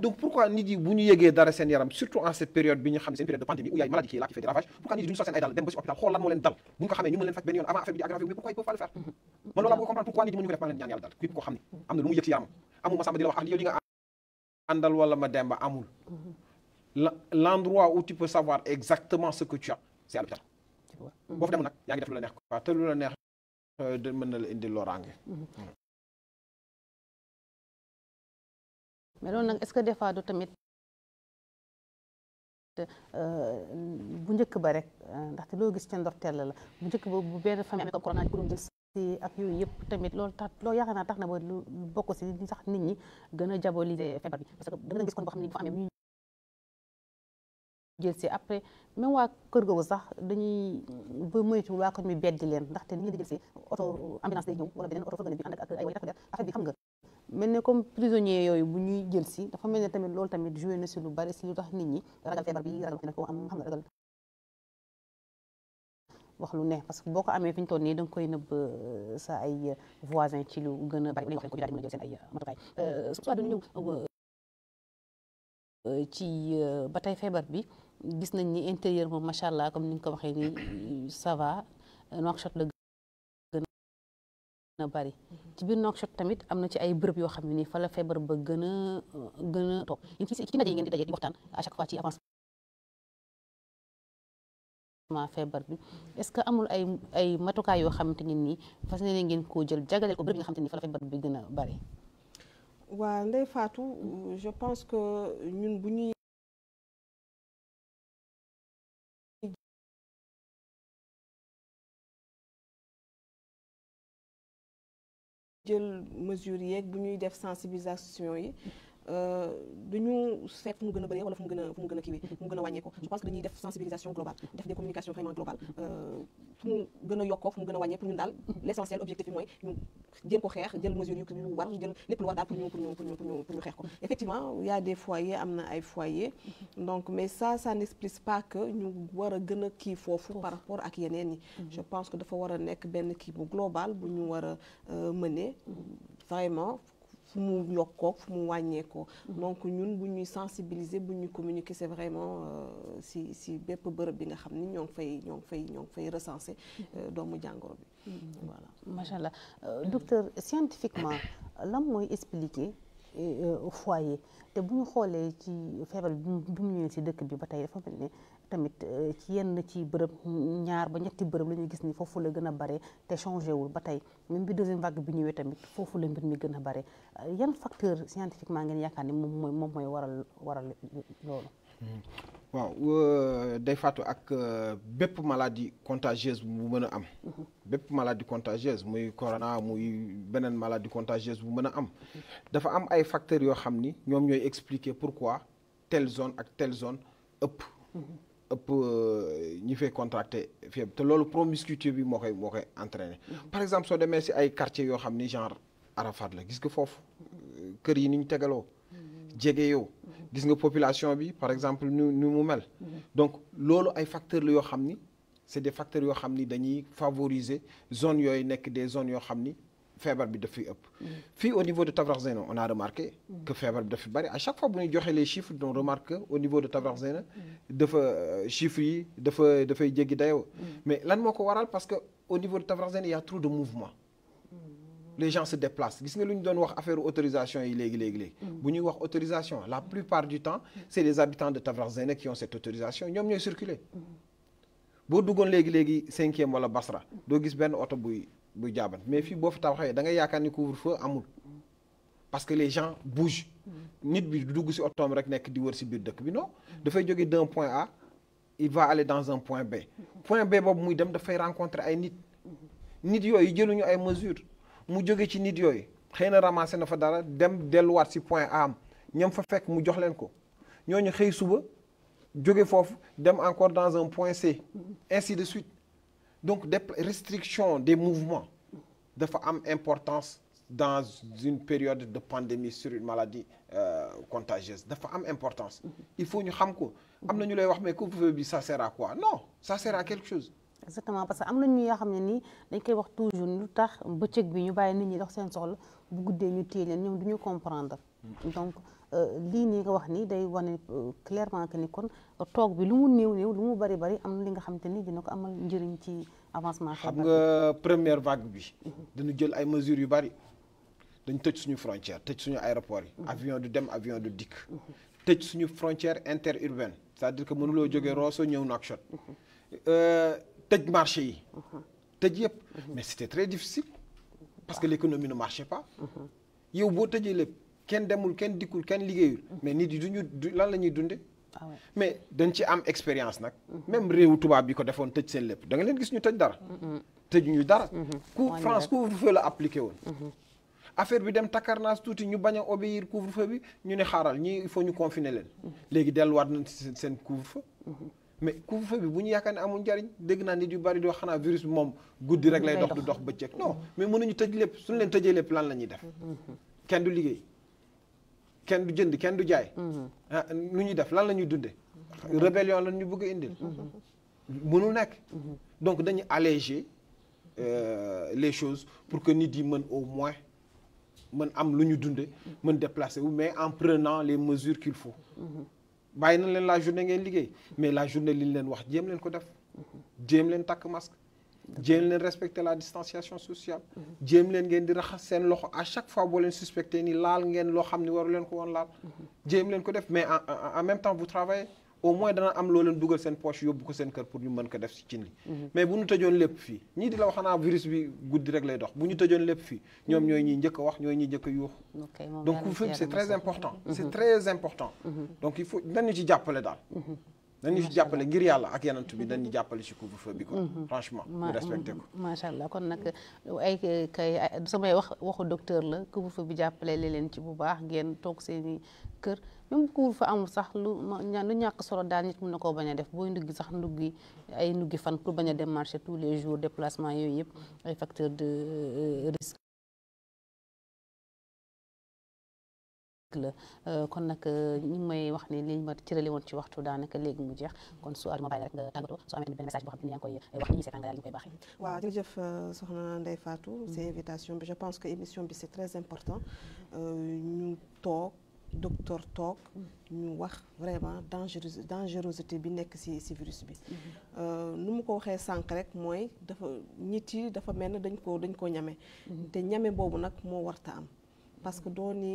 donc pourquoi nit yi bu ñu yëgee dara seen yaram surtout en cette période bi ñu xam seen période de pandémie où il y a pourquoi nit yi duñu sol ay dal dem ba si hôpital xool lan moo leen dal bu ñu ko xamee ñu mën leen faj benn yoon avant affaire bi di aggravé mais pourquoi ils peuvent pas le faire mm-hmm. yi mënuñu ko def maa xam ne am na lu mu yëg ci yaramam amul ma sàmba di la wax ah yow li nga àndal wala mm-hmm. mm-hmm. lu la neex quoi te lu la neex euh, mais loolu nag est-ce que des fois du tamit euh, bu njëkk ba rek euh, ndaxte loo gis ca ndorteel la bu njëkk ba bu benn famille amee corona ko doon jël si ak yooyu yëpp tamit lool tax loolu yaakaar naa tax na ba lu bokk si sax nit ñi gën a diaboliser feebar bi parce que da nga gis kon boo xam ne bu fa amee si après même waa kër googu sax dañuy ba moytu waa koñ mi beddi leen ndaxte ni ñu di jël si oto ambulance day ñëw wala beneen oto fëgg bi ànd ay way takk der affaire bi xam nga mel ne comme prisonnier yooyu bu ñuy jël si dafa mel ne tamit loolu tamit joué na si lu bari si lu tax nit ñi ragal feebar bi ragal wax lu ne parce que boo ko amee fi ñu toll nii da koy nëbb euh, sa ay euh, voisin ci gën a bari nañ wax ko ñu daal di mën a jël seen ay euh, matukaay soit ba tey feebar bi gis nañ ni intérieur moom macha allah comme ni nga ko waxee nii ça na bari ci biir Nouakchott tamit am na ay bërëb yoo xam ne nii fa la feebar ba gën a gën a toog ci ndaje yi ngeen di daje di waxtaan à chaque fois ci avancement feebar bi est-ce que amul ay ay matukaay yoo xamante ne nii fas yéene ngeen koo jël jagleel ko bërëb yi nga xamante ni fa la feebar bi gën a bari waa Ndeye Fatou je pense que ñun bu jël mesures yeeg bu ñuy def sensibilisation yi Euh, duñu seet fu mu gën a bëree wala fu mu gën a fu mu gën a kiiwee fu mu gën a wàññee je pense que dañuy def sensibilisation globale def des communications vraiment globales euh, fu mu gën a yokkoo fu mu gën a wàññee pour ñun daal l' essentiel objectif bi mooy ñu jéem ko xeex jël mesures yu ñu war jël lépp lu war daal pour ñu pour ñu pour ñu pour ñu effectivement y a des am na ay foyers donc mais ça ça n' explique pas que ñu war a gën a kii foofu par rapport ak yeneen yi mm-hmm. je pense que dafa war a nekk benn kii bu global bu ñu war a euh, mënee mm-hmm. vraiment fu mu yokkoo fu mu wàññeekoo. Mm-hmm. donc ñun bu ñuy sensibiliser bu ñuy communiquer c'est vraiment euh, si si bépp bërëb bi nga xam ni ñoo ngi fay ñoo ngi fay ñoo ngi fay recenser mm-hmm. euh, doomu jàngoor bi. Mm-hmm. voilà macha allah euh, docteur scientifiquement lan mooy expliquer foyer te bu ñu xoolee ci feebar bi mu ñëwee si dëkk bi ba tey dafa mel ne. tamit euh, ci yenn ci bërëb ñaar ba ñetti bërëb la ñuy gis ni foofu la gën a bare te changé ba tey même bi deuxième vague bi ñëwee tamit foofu la mbir mi gën a bare euh, yan facteur scientifiquement ngeen yaakaar ni moom mooy moom mooy waral waral loolu hmm. waaw euh, day faatu ak bépp maladie contagieuse bu mën a am mhm. bépp maladie contagieuse muy corona muy beneen maladie contagieuse bu mën a am dafa am ay facteurs yoo xam ni ñoom ñooy expliquer pourquoi telle zone ak telle zone ëpp mhm. ëpp euh, ñi fee contracté fièvre te loolu promiscuité bi moo koy moo koy entraîné mm-hmm. par exemple soo demee si ay quartiers yoo xam ni genre Arafat la gis nga foofu euh, kër yi ni ñu tegaloo mm-hmm. jege yow mm-hmm. gis nga population bi par exemple nu nu mu mel donc loolu ay facteurs la yoo xam ni c'est des facteurs yoo xam ni dañuy favorise zone yooyu nekk des zones yoo xam ni feebar bi daf fi ëpp. fii au niveau de Tafraxzena on a remarqué. que feebar bi daf fi bëri à chaque fois bu ñuy joxe les chiffres on remarque au niveau de Tafraxzena. dafa euh, chiffres yi dafa dafay jéggi dayoo. mais lan moo ko waral parce que au niveau de Tafraxzena il y a trop de mouvement. les gens se gis nga lu ñu doon wax affaire autorisation yi léegi léegi léegi. bu ñuy wax autorisation la plupart du temps c' est les habitants de Tafraxzena qui ont cette autorisation ñoom ñooy circuler. boo duggoon léegi léegi cinquième wala Basra doo gis benn oto buy. buy jaaban mais fii boo fa taxawee da nga yaakaar ni couvre-feu amul parce que les gens bougent nit bi dugg ci otoom rek nekk di wër ci biir dëkk bi non dafay jóge d'un point A il va aller dans un point B point B boobu muy dem dafay rencontrer ay nit nit yooyu jëluñu ay mesures mu jóge ci nit yooyu xëy na ramassé na fa dara dem delluwaat ci point A am ñoom fa fekk mu jox leen ko ñoo ñu xëy suba jóge foofu dem encore dans un point C ainsi de suite donc de restrictions des mouvements dafa am importance dans une période de pandémie sur une maladie euh, contagieuse dafa am importance il faut ñu xam ko am na ñu lay wax mais couvre-feu bi ça sert à quoi non ça sert à quelque chose exactement parce que am na ñu yoo xam ne nii dañ koy wax toujours lu tax bëccëg bi ñu bàyyi nit ñi dox seen soxla bu guddee ñu téye leen ñoom du ñu comprendre mm. Euh, lii nii nga wax nii day wane euh, clairement que ni kon toog bi lu mu néew néew lu mu bari bari am li nga xam xamante ni dina ko amal njëriñ ci avancement. xam nga première vague bi. Mhm. danu jël ay mesures yu bari. dañ tëj suñu frontière tëj suñu aéroport yi. Mhm. avion du dem avion du dikk. Mhm. tëj suñu frontière inter c'est-à-dire que mënuloo joge jógee Rosso ñëw Nouakchott. Euh, tëj marché yi. tëj yëpp mais c'était très difficile. parce que l'économie ne marchait pas. yow boo tëjee lépp. kenn demul kenn dikkul kenn liggéeyul mm-hmm. mais nit yi duñu du lan la ñuy dunde ah mais dañ ci am expérience nag mm-hmm. même réewu tubaab bi ko defoon tëj seen lépp da nga leen gis ñu tëj dara mm-hmm. tëj ñu dara couvre France couvre-feu la appliqué woon affaire bi dem takkarnaas tuuti ñu bañ a obéir couvre-feu bi ñu ne xaaral ñii foo ñu confiner leen léegi delluwaat nañ seen couvre-feu mais couvre-feu bi bu ñu yaakaar ne amul njariñ dégg naa nit yu bari di xanaa virus bi moom guddi rek lay dox du dox bëccëg non mais mënuñu tëj lépp suñu leen tëjee lépp lan la ñuy def kenn du liggéey kenn du jënd kenn du jaay. Mhm. ah nu ñuy def lan la ñuy dundee. rébellion lan ñu bëgg a indil. Mhm. mënul nekk. Mhm. donc dañu alléger euh, les choses pour que nit yi mën au moins mën am lu ñu dundee. mën déplacer wu mais en prenant les mesures qu'il faut. bàyyi nañ leen la journée ngeen liggéey mais la journée li ñu leen wax jéem leen ko def. jéem leen takk masque. jéem leen respecter la distanciation sociale. Mhm. jéem leen ngeen di raxas seen loxo à chaque fois boo leen suspecté ni laal ngeen loo xam ni waru leen ko woon laal. Mhm. jéem leen ko def mais en en même temps vous travaillez au moins dana am loo leen dugal seen poche yóbbu ko seen kër pour ñu mën ko def ci cin li. Mhm. mais bu ñu tëjoon lépp fii ñii di la wax xanaa virus bi guddi rek lay dox bu ñu tëjoon lépp fii ñoom ñooy ñuy njëkk a wax ñooy ñuy njëkk a yuuxu. donc c' est très important. c' est très important. donc il faut nañu si jàppale ngir yàlla ak yenant bi nañu jàppale si couvre-feu bi ko mm-hmm. franchement ñu respecté ko mm-hmm. macha allah kon nag ay kay samay wax waxu docteur la couvre-feu bi jàppale leen ci bu baax ngeen toog seeni kër même couvre-feu amul sax lu lu ñàkk solo daal nit mën na koo bañ a def booy nduggi sax nduggi ay nduggi fan pour bañ a dem marché tous les jours déplacement yooyu yëpp ay facteur de euh, risque la euh, kon nag euh, ñu ngi may wax ni liñ ma cërale woon ci waxtu daanaka léegi mu jeex kon su ma bàyyi rek nga euh, tàggatoo soo amee benn message boo xam ne yaa ngi koy wax ñi seetaan nga ñu koy baaxee waaw jërëjëf soxna Ndeye mm-hmm. bi je pense que bi c'est très important ko waxee sànq rek mooy dafa nit yi dafa ne dañ ko dañ ko ñame mm-hmm. te ñame boobu nag moo warta am parce que doon ni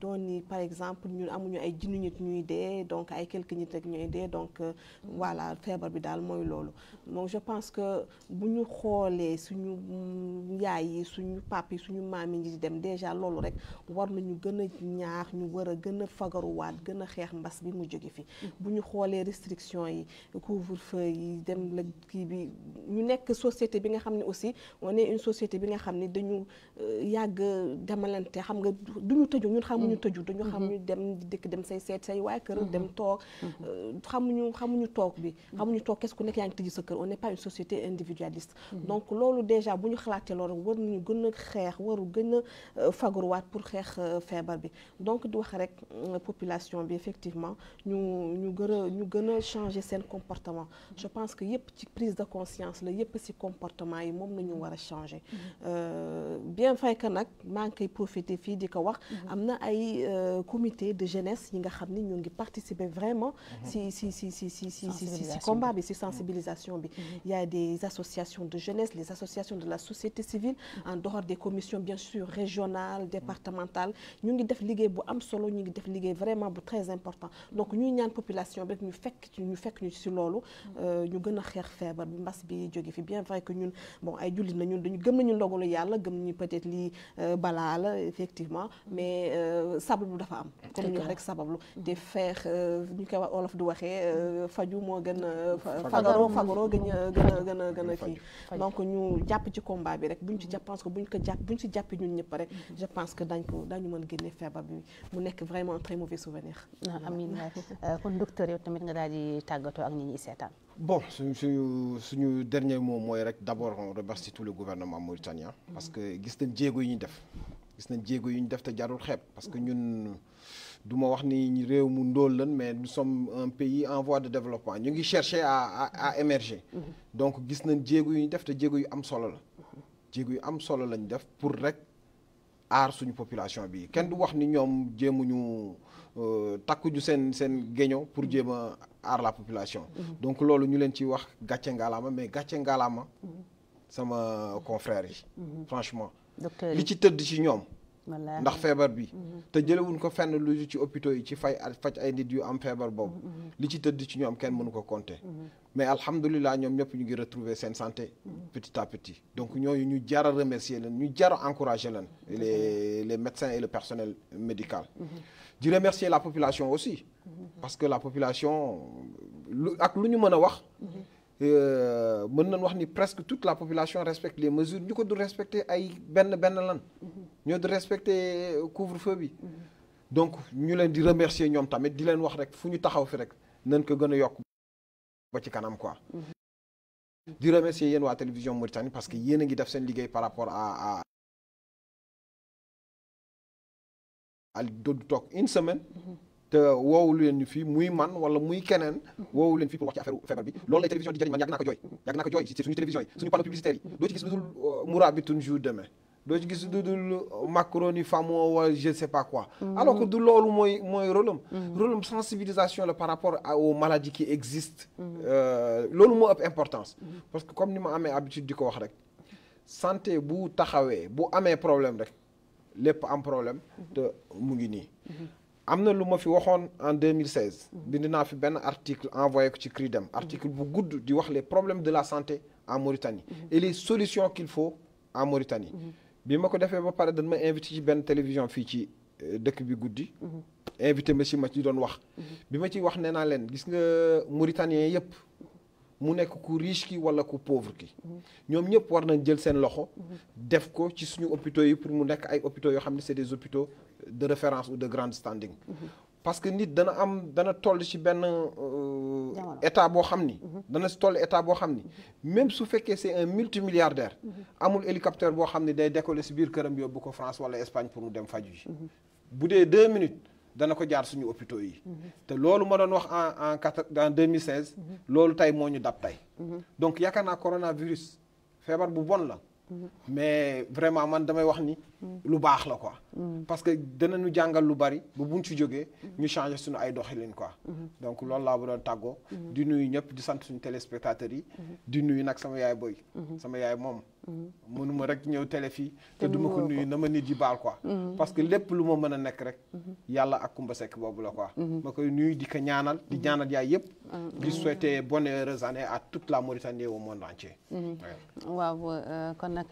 doon ni par exemple ñun amuñu ay junni nit ñuy dee donc ay quelques nit rek ñuy dee donc euh, voilà feebar bi daal mooy loolu donc je pense que bu ñu xoolee suñu mm, yaay yi suñu pap yi suñu maam yi di dem déjà loolu rek war nañu gën a ñaax ñu war a gën a fagaruwaat gën a xeex mbas bi mu jóge fi bu ñu xoolee restriction yi couvre-feu yi dem la kii bi ñu nekk société bi nga xam ne aussi on est une société bi nga xam ni dañu euh, yàgg demalante xam nga nga ñu tëju ñun xamuñu mm. tëju dañu xamuñu mm-hmm. dem dëkk dem say seet say waa kër dem mm-hmm. toog mm-hmm. Euh, xamuñu xamuñu toog bi xamuñu toog kes ku nekk yaa ngi tëju sa kër on n'est pas une société individualiste donc loolu déjà bu ñu xalaatee loolu war nañu gën xeex waru gën a euh, fagaruwaat pour xeex euh, feebar bi donc di wax rek population bi effectivement ñu ñu gën a ñu gën a changer seen comportement je pense que yëpp ci prise de conscience la yëpp ci comportement yi moom la ñu war a changer fii di ko wax mhm. am na ay euh, comité de jeunesse yi nga xam ni ñu ngi participer vraiment mhm. si si si si si si bi si sensibilisation bi mhm. il y a des associations de jeunesse les associations de la société civile en dehors des commissions bien sûr régionales départementales ñu ngi def liggéey bu am solo ñu ngi def liggéey vraiment bu très important donc ñuy ñaan population bi ñu fekk ñu fekk ñu si loolu euh, ñu gën a xeex feebar bi mbas bi jóge fi bien vrai que ñun bon ay jullit na ñun dañu gëm nañu ndogalu yàlla gëm nañu peut effectivement mais euh, sabablu dafa am comme ñu wax rek sabablu mm-hmm. de feex ñu euh, koy wax olof di waxee euh, faju moo gën a fagaroo fagaroo gën a gën a gën a gën a kii donc ñu jàpp ci combat bi rek buñ ci mm-hmm. jàpp pense que buñ ko jàpp buñ ci jàppee ñun ñëpp rek mm-hmm. je pense que dañ ko dañu mën génne feebar bi mu nekk vraiment un très mauvais souvenir ah, amiin kon docteur yow tamit nga daal tàggatoo ak ñi ñuy seetaan bon suñu su suñu dernier moom mooy rek d' abord on remercie tout le gouvernement mauritanien parce que gis nañ jéego yi ñu def gis nañ jéego yu ñu def te jarul xep parce que ñun du ma wax ni réew mu ndóol lan mais nous sommes un pays en de développement ñu ngi chercher à à émerger. Mm-hmm. donc gis nañ jéego yu ñu def te jéego yu am solo la. jéego yu am solo lañ def pour rek aar suñu population bi kenn du wax ni ñoom jéemuñu euh, takkuñu seen seen géño pour mm-hmm. jéem a aar la population. Mm-hmm. donc loolu ñu leen ci wax gàcce ngalaama mais gàcce ngalaama. sama confrère yi. franchement. li ci tëdd ci ñoom. ndax feebar bi. Mm-hmm. te jëlewuñ ko fenn lu ci hôpitaux yi ci fay faj ay nit yu am feebar boobu. Mm-hmm. li ci tëdd ci ñoom kenn mënu ko compter. Mm-hmm. mais alhamdulilah ñoom ñëpp ñu ngi retrouver seen santé. petit à petit donc ñooñu ñu jar a remercier leen ñu jar a encourager leen. les les médecins et le personnel médical. di remercier la population aussi. parce que la population lu ak lu ñu mën a wax. mën nañ wax ni presque toute la population respecte les mesures ñu ko du respecter ay benn benn lan ñoo du respecter couvre-feu bi donc ñu leen di remercier ñoom tamit di leen wax rek fu ñu taxaw fi rek nañ ko gën a yokk ba ci kanam quoi di remercier yéen waa télévision Mauritanie parce que yéen a ngi def seen liggéey par rapport à à doodu toog une semaine te woowu leen fii muy man wala muy keneen woowu leen fii pour wax ci affaire feebar bi loolu lay télévision di jëriñ man yàgg naa jooy yàgg naa jooy ci suñu télévision yi suñu panneau publicitaire yi doo ci gis lu dul euh, Mourabitoun jour demain doo ci gis lu dul euh, macaroni famo wala je sais pas quoi mm-hmm. alors du loolu mooy mooy rôle mm-hmm. sensibilisation la par rapport aux maladies qui existent mm-hmm. euh, loolu moo ëpp importance parce que comme ni ma amee habitude di ko wax rek santé bu amee problème rek lépp am problème te am na lu ma fi waxoon en 2016 bind naa fi benn article envoyé ko ci CRIDEM article bu gudd di wax les problèmes de la santé en Mauritanie mhm. et les solutions qu'il faut en Mauritanie mhm. bi ma ko defee ba pare dañ ma invité ci benn télévision fii ci euh, dëkk bi guddi mhm. invité ma si ma ci doon wax bi ma ci wax nee naa leen gis nga Mauritaniens yëpp mu nekk ku riche ki wala ku pauvre ki ñoom ñëpp war nañ jël seen loxo def ko ci suñu hôpitaux yi pour mu nekk ay hôpitaux yoo xam ne c'est des hôpitaux de référence ou de grand standing. parce que nit dana am dana toll ci benn euh, état boo xam ni. Mhm. dana si toll état boo xam ni mhm. même su fekkee c'est un multimilliardaire. Mhm. amul hélicoptère boo xam ni day décoller si biir këram yóbbu ko France wala Espagne pour mu dem faju ji. bu dee deux minutes dana ko jaar suñu opito yi. te loolu ma doon wax en en quatre en 2016. loolu tey moo ñu dab tey. donc yaakaar naa coronavirus feebar bu bon la. mais vraiment man damay wax ni. lu baax la ko parce que danañu jàngal lu bari ba buñ ci jógee. ñu changer suñu ay doxalin quoi. donc loolu laa bu doon tàggoo. di nuyu ñëpp di sant suñu téléspectateurs yi. di nuyu nag sama yaay boy. sama yaay moom. mënuma rek ñëw télé fii te duma ko nuyu na ma nit yi baal quoi mm-hmm. parce que lépp lu ma mën a nekk rek mm-hmm. yàlla ak Kumba Seck boobu la quoi mm-hmm. ma koy nuyu di ñaanal di ñaanal yaay yëpp ah, di souhaiter bonne heureuse la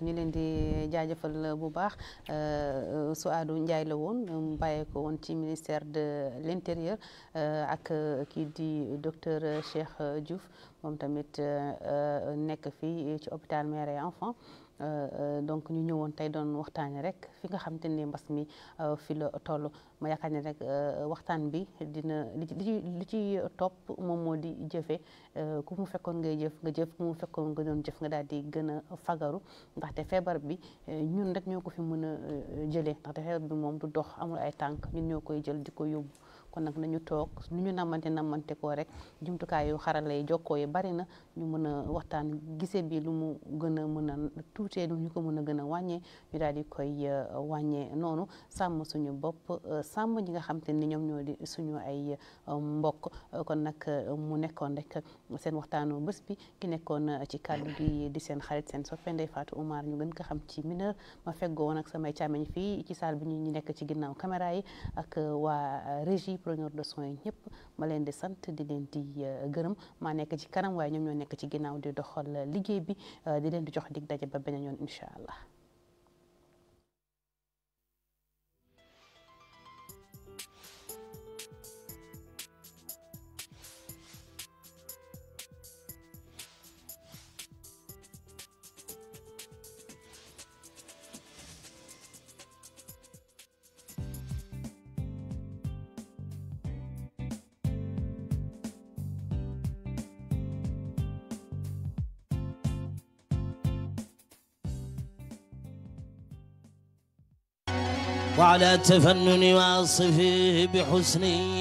euh, di jaajëfal bu baax euh, euh, Souadou Ndiaye la woon mu bàyyee ko woon ci ministère de l'intérieur ak kii di docteur Cheikh Diouf moom tamit euh, euh, nekk fii ci hôpital mère et enfant euh, donc ñu ñëwoon tey doon waxtaanee rek fi nga xamante ne mbas mi fi la toll ma yaakaar ne rek waxtaan bi dina li ci li ci topp moom moo di jëfee ku mu fekkoon ngay jëf nga jëf mu fekkoon nga doon jëf nga daal di gën a fagaru ndaxte feebar bi ñun rek ñoo ko fi mën a jëlee ndaxte feebar bi moom du dox amul ay tànk ñun ñoo koy jël di ko yóbbu. kon nag nañu toog nu ñu namante namante ko rek jumtukaay yu xarala yi jokkoo yi bari na ñu mën a waxtaan gisee bi lu mu gën a mën a tuutee lu ñu ko mën a gën a wàññee ñu di koy euh, wàññee noonu sàmm suñu bopp euh, sàmm ñi nga xam te ni ñoom ñoo di suñu ay euh, mbokk kon nag mu nekkoon rek seen waxtaanu bés bi ki nekkoon ci kàddu gi di seen xarit seen soppe Ndeye Fatou ñu gën ko xam ci mineur ma feggoo woon samay càmmeñ fii ci salle bi ñu nekk ci ginnaaw caméra yi ak waa régie preneur de soins ñëpp ma leen di sant di leen di euh, gërëm maa nekk ci kanam waaye ñoom ñoo nekk ci ginnaaw di doxal euh, liggéey bi euh, di leen di jox dig daje ba beneen yoon incha allah على تفنن واصفه بحسن